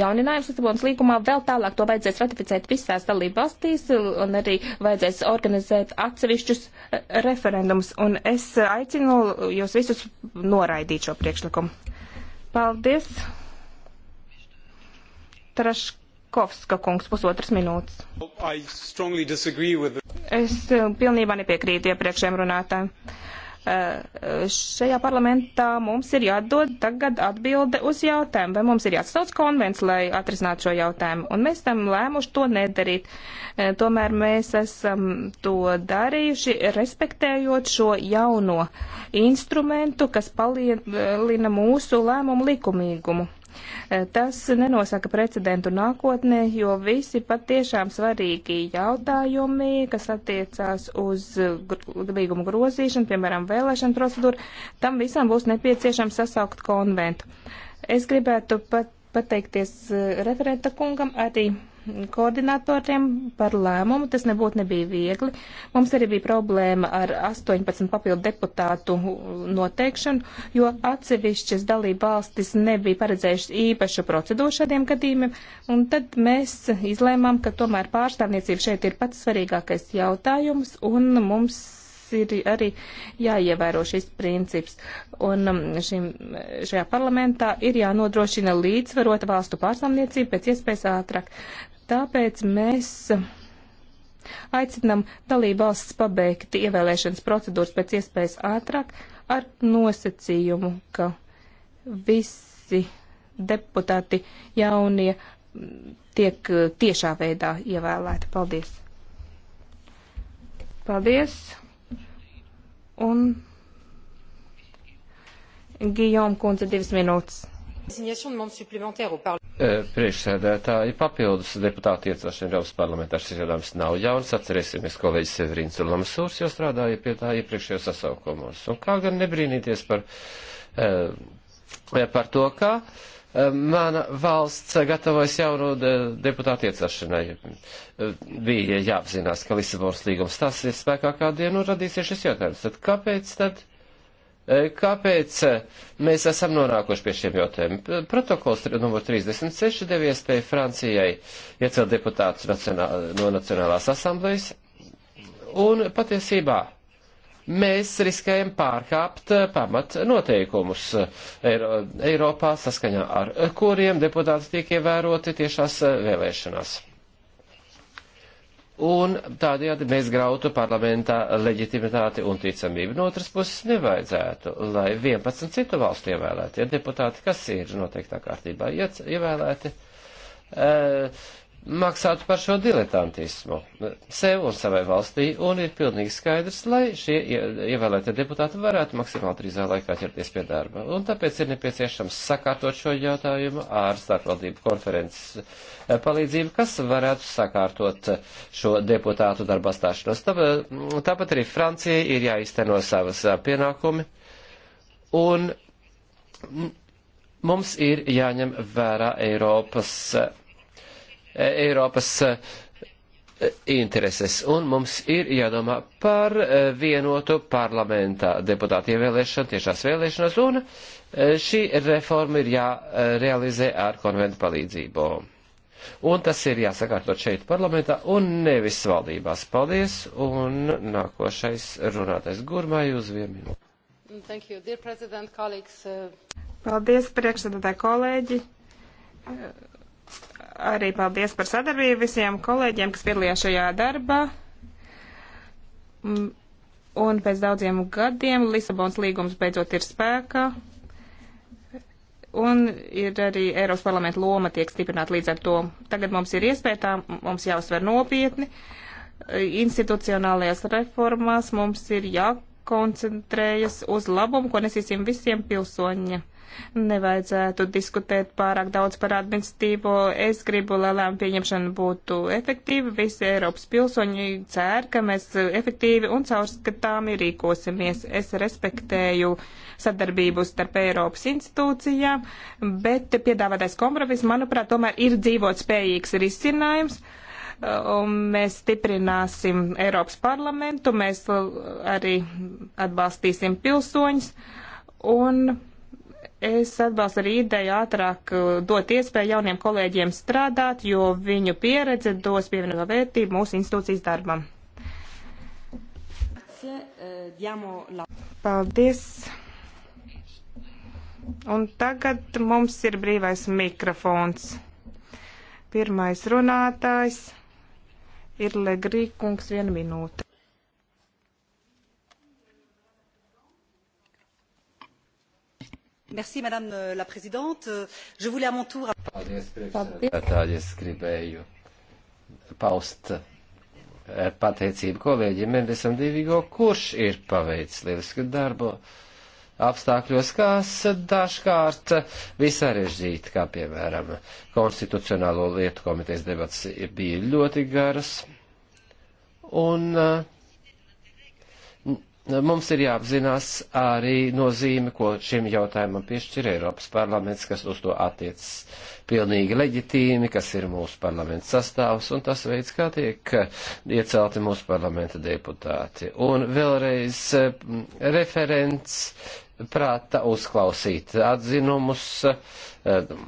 jauninājums Lisabonas līgumā. Vēl tālāk to vajadzēs ratificēt visās dalību valstīs eh, un arī vajadzēs organizēt atsevišķus referendumus. Un es aicinu jūs visus noraidīt šo priekšlikumu. Paldies! Traška Kovska kungs, pusotras minūtes. Es uh, pilnībā nepiekrītu iepriekšējiem runātājiem. Uh, uh, šajā parlamentā mums ir jādod tagad atbilde uz jautājumu, vai mums ir jāatsauc konvents, lai atrisinātu šo jautājumu. Un mēs tam lēmuši to nedarīt. Tomēr mēs esam to darījuši, respektējot šo jauno instrumentu, kas palielina mūsu lēmumu likumīgumu Eh, tas nenosaka precedentu nākotnē, jo visi patiešām svarīgi jautājumi, kas attiecās uz eh, līgumu grozīšanu, piemēram, vēlēšanu procedūru, tam visam būs nepieciešams sasaukt konventu. Es gribētu pat pateikties eh, referenta kungam arī koordinatoriem par lēmumu. Tas nebūtu nebija viegli. Mums arī bija problēma ar 18 papildu deputātu noteikšanu, jo atsevišķas dalība valstis nebija paredzējušas īpašu procedūru šādiem gadījumiem. Un tad mēs izlēmām, ka tomēr pārstāvniecība šeit ir pats svarīgākais jautājums un mums ir arī jāievēro šis princips. Un um, šim, šajā parlamentā ir jānodrošina līdzsvarota valstu pārstāvniecība pēc iespējas ātrāk. Tāpēc mēs aicinam dalībvalsts pabeigt ievēlēšanas procedūras pēc iespējas ātrāk ar nosacījumu, ka visi deputāti jaunie tiek eh, tiešā veidā ievēlēti. Paldies! Paldies! Un Gijom kundze divas minūtes. Eh, priekšsēdētāji papildus deputāti iecelšana Eiropas parlamentā šis jautājums nav jauns. Atcerēsimies kolēģis Severins un Lamasūrs, jo strādāja pie tā iepriekšējos sasaukumos. Un kā gan nebrīnīties par, eh, par to, kā eh, mana valsts gatavojas jaunu deputātu iecelšanai. Bija jāapzinās, ka Lisabonas līgums tas ir spēkā kādienu un radīsies šis jautājums. Tad kāpēc tad? Eh, kāpēc eh, mēs esam nonākuši pie šiem jautājumiem? Protokols numur 36 deva iespēju Francijai iecelt deputātus nacionāl, no Nacionālās asamblejas, un patiesībā mēs riskējam pārkāpt eh, pamat noteikumus Eiro, Eiropā, saskaņā ar kuriem deputāti tiek ievēroti tiešās vēlēšanās un tādējādi mēs grautu parlamentā leģitimitāti un ticamību. No otras puses nevajadzētu, lai 11 citu valstu ievēlētie ja deputāti, kas ir noteiktā kārtībā ievēlēti, uh, maksātu par šo diletantismu sev un savai valstī, un ir pilnīgi skaidrs, lai šie ievēlētie deputāti varētu maksimāli trīzā laikā ķerties pie darba. Un tāpēc ir nepieciešams sakārtot šo jautājumu ar starpvaldību konferences palīdzību, kas varētu sakārtot šo deputātu darba stāšanos. Tāpat arī Francijai ir jāizteno savas pienākumi. Un mums ir jāņem vērā Eiropas Eiropas eh, intereses, un mums ir jādomā par eh, vienotu parlamentā deputātu ievēlēšanu tiešās vēlēšanās, un eh, šī reforma ir jārealizē ar konventu palīdzību. Un tas ir jāsakārtot šeit parlamentā un nevis valdībās. Paldies, un nākošais runātais gurmai uz vienu minūti. Thank you, dear president, colleagues. Uh, Paldies, priekšsēdētāji kolēģi arī paldies par sadarbību visiem kolēģiem, kas piedalījās šajā darbā. Mm, un pēc daudziem gadiem Lisabons līgums beidzot ir spēkā. Un ir arī Eiropas parlamenta loma tiek stiprināta līdz ar to. Tagad mums ir iespēja tā, mums jāuzsver nopietni. Institucionālajās reformās mums ir jākoncentrējas uz labumu, ko nesīsim visiem pilsoņiem nevajadzētu diskutēt pārāk daudz par administratīvo. Es gribu, lai lēmumu pieņemšana būtu efektīva. Visi Eiropas pilsoņi cer, ka mēs efektīvi un caurskatāmi rīkosimies. Es respektēju sadarbību starp Eiropas institūcijām, bet piedāvātais kompromiss, manuprāt, tomēr ir dzīvot spējīgs risinājums. Un mēs stiprināsim Eiropas parlamentu, mēs arī atbalstīsim pilsoņus. Un Es atbalstu arī ideju ātrāk uh, dot iespēju jauniem kolēģiem strādāt, jo viņu pieredze dos pievienoto vērtību mūsu institūcijas darbam. Paldies! Un tagad mums ir brīvais mikrofons. Pirmais runātājs ir Legrī kungs viena minūte. Merci, madame euh, la présidente. Euh, je voulais à mon tour... Paldies, priekšsēdētāji, es gribēju paust eh, pateicību kolēģiem Mendesam Divigo, kurš ir paveicis lielisku darbu apstākļos, kas dažkārt visarežģīti, kā piemēram konstitucionālo lietu komitejas debats bija ļoti garas. Un uh, mums ir jāapzinās arī nozīme, ko šim jautājumam piešķir Eiropas parlaments, kas uz to attiecas pilnīgi leģitīmi, kas ir mūsu parlaments sastāvs un tas veids, kā tiek iecelti mūsu parlamenta deputāti. Un vēlreiz mm, referents prāta uzklausīt atzinumus eh,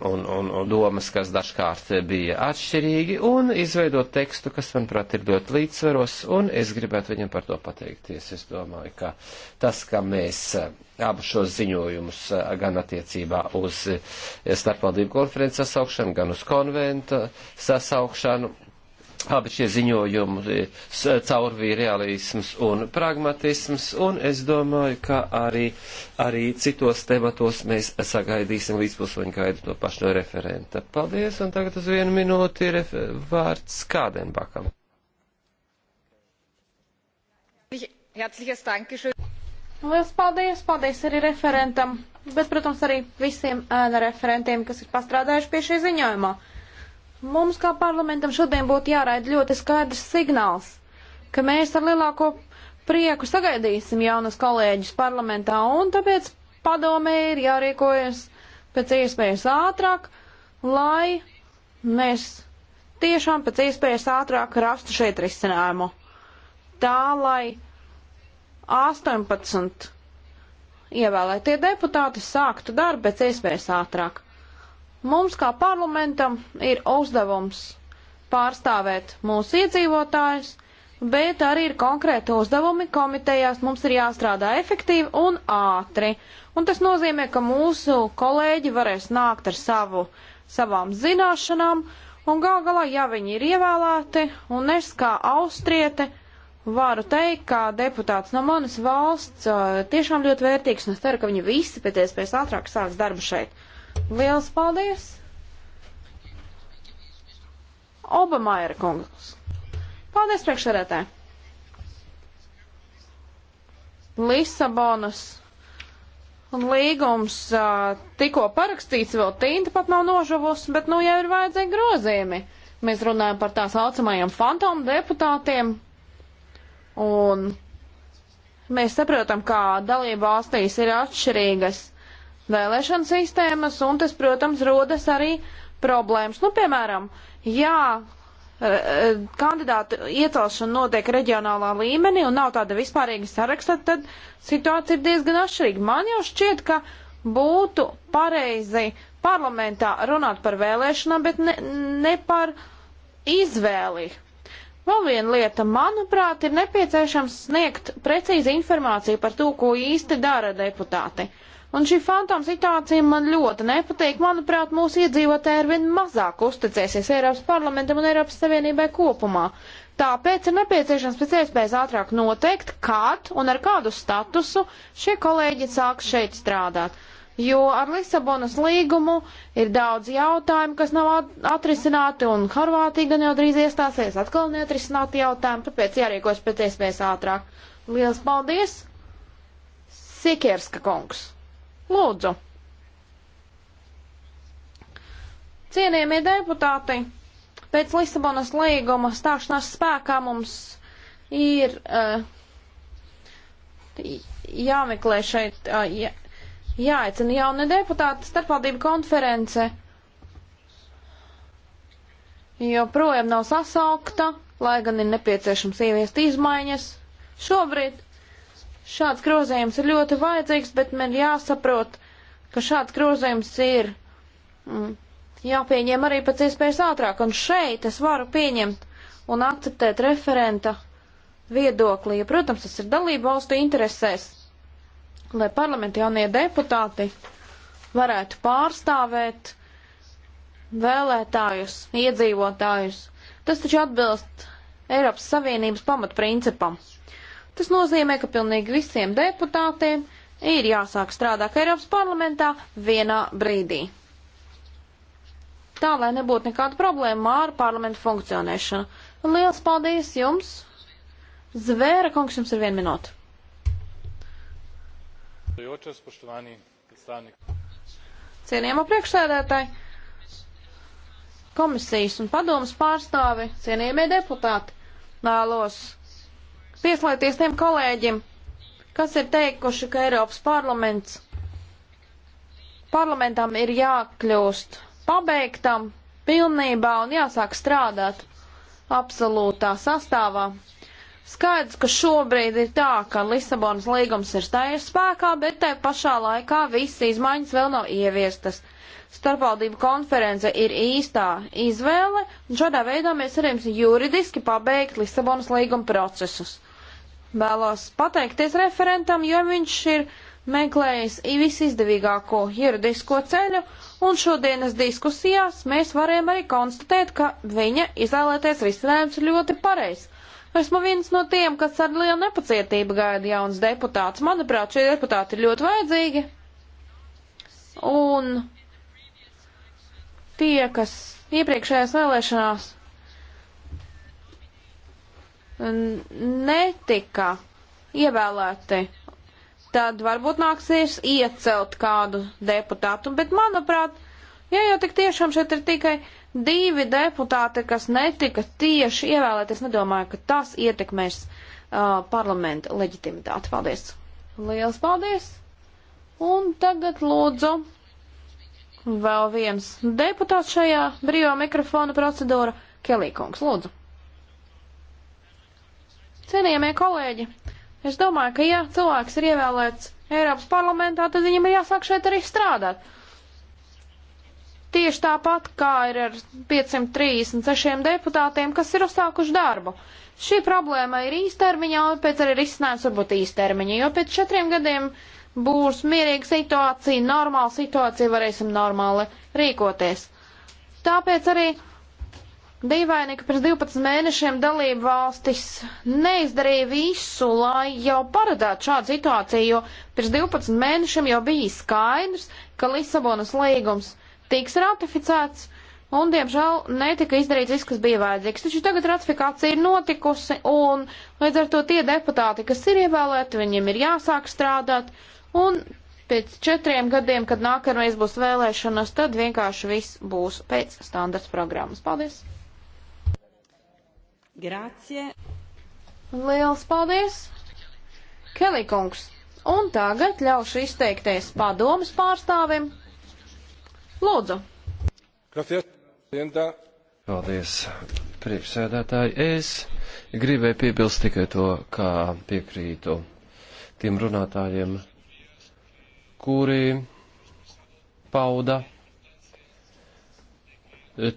un, un, un domas, kas dažkārt bija atšķirīgi, un izveidot tekstu, kas, manuprāt, ir ļoti līdzsvaros, un es gribētu viņam par to pateikties. Es domāju, ka tas, ka mēs eh, abu šos ziņojumus eh, gan attiecībā uz starpvaldību konferences sasaukšanu, gan uz konventa sasaukšanu, abi šie ziņojumi e, caurvīja realisms un pragmatisms, un es domāju, ka arī, arī citos tematos mēs sagaidīsim līdz pusloņu gaidu to pašu no referenta. Paldies, un tagad uz vienu minūti ir vārds Kādenbakam. Lielas paldies, paldies arī referentam, bet, protams, arī visiem ēna referentiem, kas ir pastrādājuši pie šī ziņojuma. Mums kā parlamentam šodien būtu jāraida ļoti skaidrs signāls, ka mēs ar lielāko prieku sagaidīsim jaunus kolēģus parlamentā, un tāpēc padomē ir jārīkojas pēc iespējas ātrāk, lai mēs tiešām pēc iespējas ātrāk rastu šeit risinājumu. Tā, lai 18 ievēlētie deputāti sāktu darbu pēc iespējas ātrāk. Mums kā parlamentam ir uzdevums pārstāvēt mūsu iedzīvotājus, bet arī ir konkrēti uzdevumi komitejās. Mums ir jāstrādā efektīvi un ātri. Un tas nozīmē, ka mūsu kolēģi varēs nākt ar savu, savām zināšanām, un gal galā, ja viņi ir ievēlēti, un es kā austriete varu teikt, ka deputāts no manas valsts uh, tiešām ļoti vērtīgs, un es ceru, ka viņi visi pēc iespējas ātrāk sāks darbu šeit. Liels paldies! Obama ir kungs. Paldies priekšsarētē. Lisabonas līgums tikko parakstīts, vēl tinta pat nav nožavusi, bet nu jau ir vajadzīgi grozījumi. Mēs runājam par tā saucamajiem fantomu deputātiem. Un mēs saprotam, kā dalība valstīs ir atšķirīgas vēlēšana sistēmas, un tas, protams, rodas arī problēmas. Nu, piemēram, jā, e, e, kandidātu iecelšana notiek reģionālā līmenī un nav tāda vispārīga saraksta, tad situācija ir diezgan atšķirīga. Man jau šķiet, ka būtu pareizi parlamentā runāt par vēlēšanām, bet ne, ne par izvēli. Vēl viena lieta, manuprāt, ir nepieciešams sniegt precīzi informāciju par to, ko īsti dara deputāti. Uh, Un šī fantoma situācija man ļoti nepatīk. Manuprāt, mūsu iedzīvotāji ar vien mazāk uzticēsies Eiropas parlamentam un Eiropas Savienībai kopumā. Tāpēc ir nepieciešams pēc iespējas ātrāk noteikt, kad un ar kādu statusu šie kolēģi sāks šeit strādāt. Jo ar Lisabonas līgumu ir daudz jautājumu, kas nav atrisināti, un Horvātija gan jau drīz iestāsies atkal neatrisināti jautājumi, tāpēc jārīkojas pēc iespējas ātrāk. Lielas paldies! Sikierska kungs! Lūdzu! Cienījamie deputāti, pēc Lisabonas līguma stāšanās spēkā mums ir uh, jāmeklē šeit, uh, jā, jāaicina jauni deputāti starpvaldību konference, jo projām nav sasaukta, lai gan ir nepieciešams ieviest izmaiņas. Šobrīd Šāds grozījums ir ļoti vajadzīgs, bet man ir jāsaprot, ka šāds grozījums ir mm, jāpieņem arī pēc iespējas ātrāk, un šeit es varu pieņemt un akceptēt referenta viedoklī. Ja, protams, tas ir dalību valstu interesēs, lai parlamenta jaunie deputāti varētu pārstāvēt vēlētājus, iedzīvotājus. Tas taču atbilst Eiropas Savienības pamatprincipam. Tas nozīmē, ka pilnīgi visiem deputātiem ir jāsāk strādāt Eiropas parlamentā vienā brīdī. Tā, lai nebūtu nekāda problēma ar parlamentu funkcionēšanu. Lielas paldies jums! Zvēra kungs jums ir viena minūte. Cienījamo priekšsēdētāji, komisijas un padomas pārstāvi, cienījamie deputāti, vēlos pieslēgties tiem kolēģiem, kas ir teikuši, ka Eiropas parlaments parlamentam ir jākļūst pabeigtam pilnībā un jāsāk strādāt absolūtā sastāvā. Skaidrs, ka šobrīd ir tā, ka Lisabonas līgums ir stājies spēkā, bet te pašā laikā visas izmaiņas vēl nav ieviestas. Starpvaldību konference ir īstā izvēle, un šādā veidā mēs varam juridiski pabeigt Lisabonas līguma procesus. Vēlos pateikties referentam, jo viņš ir meklējis visizdevīgāko juridisko ceļu, un šodienas diskusijās mēs varējām arī konstatēt, ka viņa izvēlētais risinājums ir ļoti pareizs. Esmu viens no tiem, kas ar lielu nepacietību gaida jauns deputāts. Manuprāt, šie deputāti ir ļoti vajadzīgi. Un tie, kas iepriekšējās vēlēšanās netika ievēlēti, tad varbūt nāksies iecelt kādu deputātu. Bet, manuprāt, ja jau tik tiešām šeit ir tikai divi deputāti, kas netika tieši ievēlēti, es nedomāju, ka tas ietekmēs uh, parlamenta leģitimitāti. Paldies! Liels paldies! Un tagad lūdzu vēl viens deputāts šajā brīvā mikrofona procedūra - Kelīkungs. Lūdzu! Cienījamie kolēģi, es domāju, ka ja cilvēks ir ievēlēts Eiropas parlamentā, tad viņam ir jāsāk šeit arī strādāt. Tieši tāpat kā ir ar 536 deputātiem, kas ir uzsākuši darbu. Šī problēma ir īstermiņā, un pēc arī risinājums varbūt īstermiņā, jo pēc četriem gadiem būs mierīga situācija, normāla situācija, varēsim normāli rīkoties. Tāpēc arī Dīvaini, ka pēc 12 mēnešiem dalību valstis neizdarīja visu, lai jau paredzētu šādu situāciju, jo pirms 12 mēnešiem jau bija skaidrs, ka Lisabonas līgums tiks ratificēts, un, diemžēl, netika izdarīts viss, kas bija vajadzīgs. Taču tagad ratifikācija ir notikusi, un līdz ar to tie deputāti, kas ir ievēlēti, viņiem ir jāsāk strādāt, un pēc četriem gadiem, kad nākamreiz būs vēlēšanas, tad vienkārši viss būs pēc standarts programmas. Paldies! Grācie. Liels paldies, Kelikungs. Un tagad ļaušu izteikties padomas pārstāvim. Lūdzu. Grācies. Paldies, priekšsēdētāji. Es gribēju piebilst tikai to, kā piekrītu tiem runātājiem, kuri pauda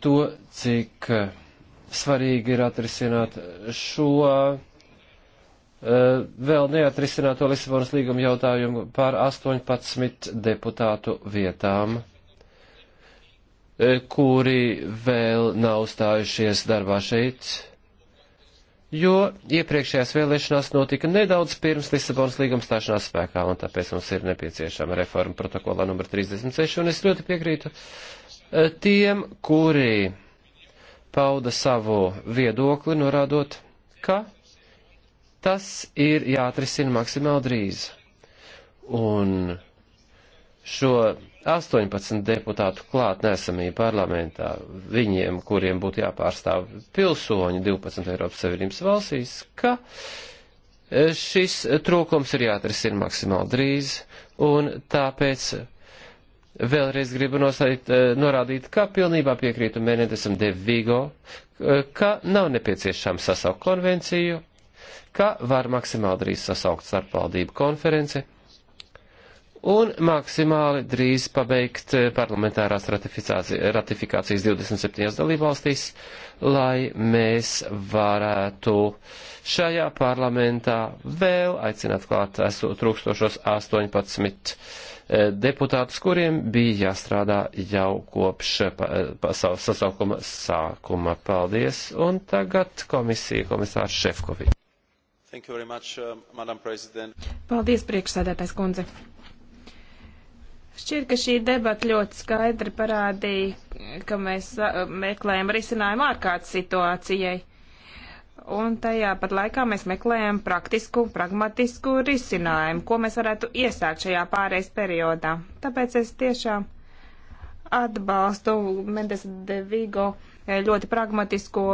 to, cik svarīgi ir atrisināt šo eh, vēl neatrisināto Lisabonas līguma jautājumu par 18 deputātu vietām, eh, kuri vēl nav stājušies darbā šeit, jo iepriekšējās vēlēšanās notika nedaudz pirms Lisabonas līguma stāšanās spēkā, un tāpēc mums ir nepieciešama reforma protokolā numur 36, un es ļoti piekrītu eh, tiem, kuri pauda savu viedokli, norādot, ka tas ir jāatrisina maksimāli drīz. Un šo 18 deputātu klātnesamību parlamentā, viņiem, kuriem būtu jāpārstāv pilsoņi 12 Eiropas Savienības valstīs, ka šis trūkums ir jāatrisina maksimāli drīz, un tāpēc Vēlreiz gribu nosarīt, eh, norādīt, ka pilnībā piekrītu Menedesam de Vigo, eh, ka nav nepieciešams sasaukt konvenciju, ka var maksimāli drīz sasaukt starpvaldību konferenci un maksimāli drīz pabeigt eh, parlamentārās ratifikācijas 27 dalībvalstīs, lai mēs varētu šajā parlamentā vēl aicināt klāt trūkstošos 18 eh, deputātus, kuriem bija jāstrādā jau kopš eh, sasaukuma sākuma. Paldies! Un tagad komisija komisārs Šefkovi. Much, uh, Paldies, priekšsēdētājs kundze. Šķiet, ka šī debata ļoti skaidri parādīja, ka mēs meklējam risinājumu ārkārtas situācijai. Un tajā pat laikā mēs meklējam praktisku, pragmatisku risinājumu, ko mēs varētu iesākt šajā pārejas periodā. Tāpēc es tiešām atbalstu Mendes de Vigo e, ļoti pragmatisko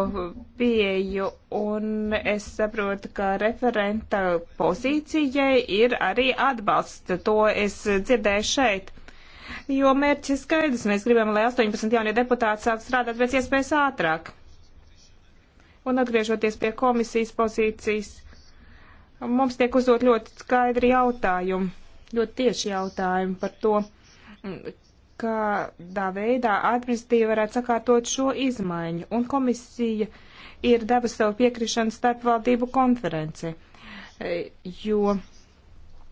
pieju, un es saprotu, ka referenta pozīcijai ir arī atbalsts. To es dzirdēju šeit jo mērķis ir skaidrs. Mēs gribam, lai 18 jaunie deputāti sāk strādāt pēc iespējas ātrāk. Un atgriežoties pie komisijas pozīcijas, mums tiek uzdot ļoti skaidri jautājumi, ļoti tieši jautājumi par to, kādā veidā administratīvi varētu sakārtot šo izmaiņu. Un komisija ir devusi savu piekrišanu starpvaldību konferenci, jo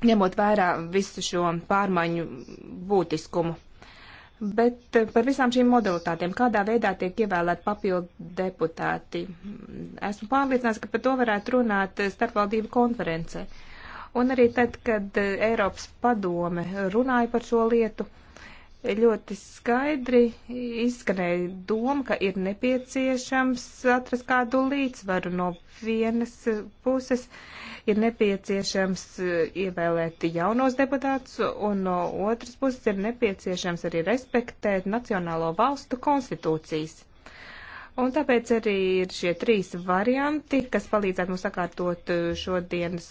ņemot vērā visu šo pārmaiņu būtiskumu. Bet eh, par visām šīm modalitātēm, kādā veidā tiek ievēlēti papildu deputāti, esmu pārliecināts, ka par to varētu runāt starpvaldību konference. Un arī tad, kad eh, Eiropas padome runāja par šo lietu, ļoti skaidri izskanēja doma, ka ir nepieciešams atrast kādu līdzsvaru no vienas puses. Uh, ir nepieciešams eh, ievēlēt jaunos deputātus, un no otras puses ir nepieciešams arī respektēt Nacionālo valstu konstitūcijas. Un tāpēc arī ir šie trīs varianti, kas palīdzētu mums sakārtot eh, šodienas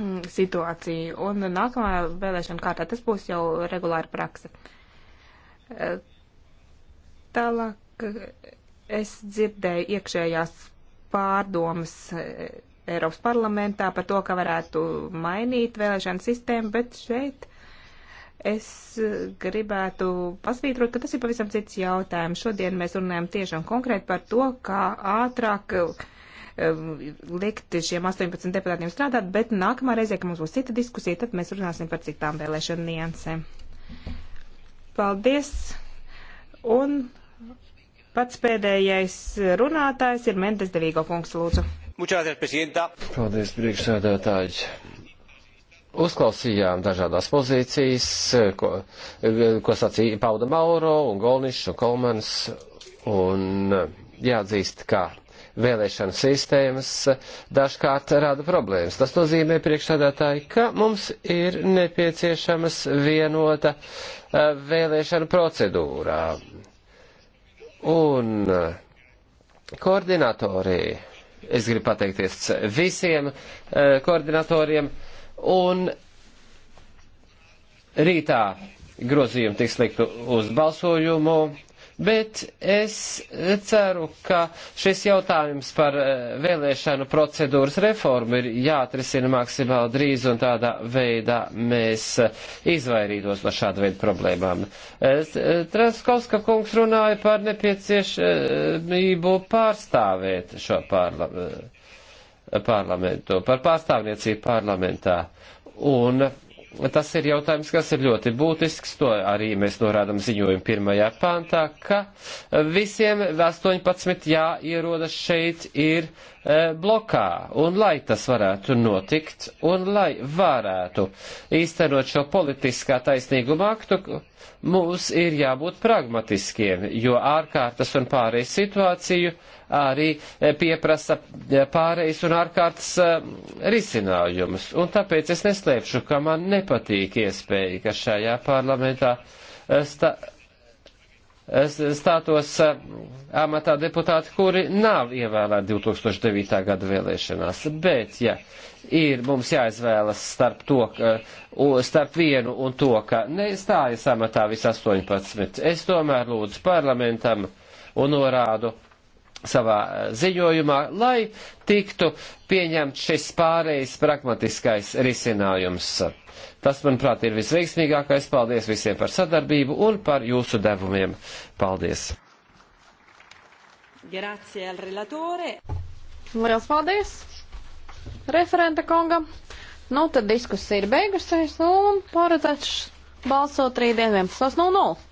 mm, situāciju. Un nākamā vēlēšana kārtā tas būs jau regulāra praksa. Eh, tālāk es dzirdēju iekšējās pārdomas Eiropas parlamentā par to, ka varētu mainīt vēlēšanu sistēmu, bet šeit es eh, gribētu pasvītrot, ka tas ir pavisam cits jautājums. Šodien mēs runājam tiešām konkrēti par to, kā ātrāk eh, likt šiem 18 deputātiem strādāt, bet nākamā reize, kad mums būs cita diskusija, tad mēs runāsim par citām vēlēšanu niansēm. Paldies! Un pats pēdējais runātājs ir Mendes Devīgo kungs, lūdzu. Muchas presidenta. Paldies, priekšsēdētāji. Uzklausījām dažādās pozīcijas, ko, ko sacīja Pauda Mauro un Golnišs un Kolmans. Un jāatzīst, ka vēlēšana sistēmas dažkārt rada problēmas. Tas nozīmē priekšsādātāji, ka mums ir nepieciešamas vienota eh, vēlēšana procedūrā. Un eh, koordinatorija Es gribu pateikties visiem eh, koordinatoriem. Un rītā grozījumi tiks likt uz balsojumu bet es ceru, ka šis jautājums par eh, vēlēšanu procedūras reformu ir jāatrisina maksimāli drīz un tādā veidā mēs eh, izvairītos no šāda veida problēmām. Eh, Traskauska kungs runāja par nepieciešamību pārstāvēt šo parla parlamentu, par pārstāvniecību parlamentā. Un tas ir jautājums, kas ir ļoti būtisks. To arī mēs norādām ziņojumu pirmajā pāntā, ka visiem 18 jāierodas šeit ir E, blokā, un lai tas varētu notikt, un lai varētu īstenot šo politiskā taisnīguma aktu, mums ir jābūt pragmatiskiem, jo ārkārtas un pārējais situāciju arī e, pieprasa e, pārējais un ārkārtas risinājumus. Un tāpēc es neslēpšu, ka man nepatīk iespēja, ka šajā parlamentā sta stātos eh, amatā deputāti, kuri nav ievēlēti 2009. gada vēlēšanās. Bet, ja ir mums jāizvēlas starp, to, starp vienu un to, ka nestājas amatā vis 18, es tomēr lūdzu parlamentam un norādu savā eh, ziņojumā, lai tiktu pieņemts šis pārējais pragmatiskais risinājums Tas, manuprāt, ir visveiksmīgākais. Paldies visiem par sadarbību un par jūsu devumiem. Paldies! Grazie al relatore. Liels paldies referenta kongam. Nu, tad diskusija ir beigusies un paredzēts balsot rītdien 11.00.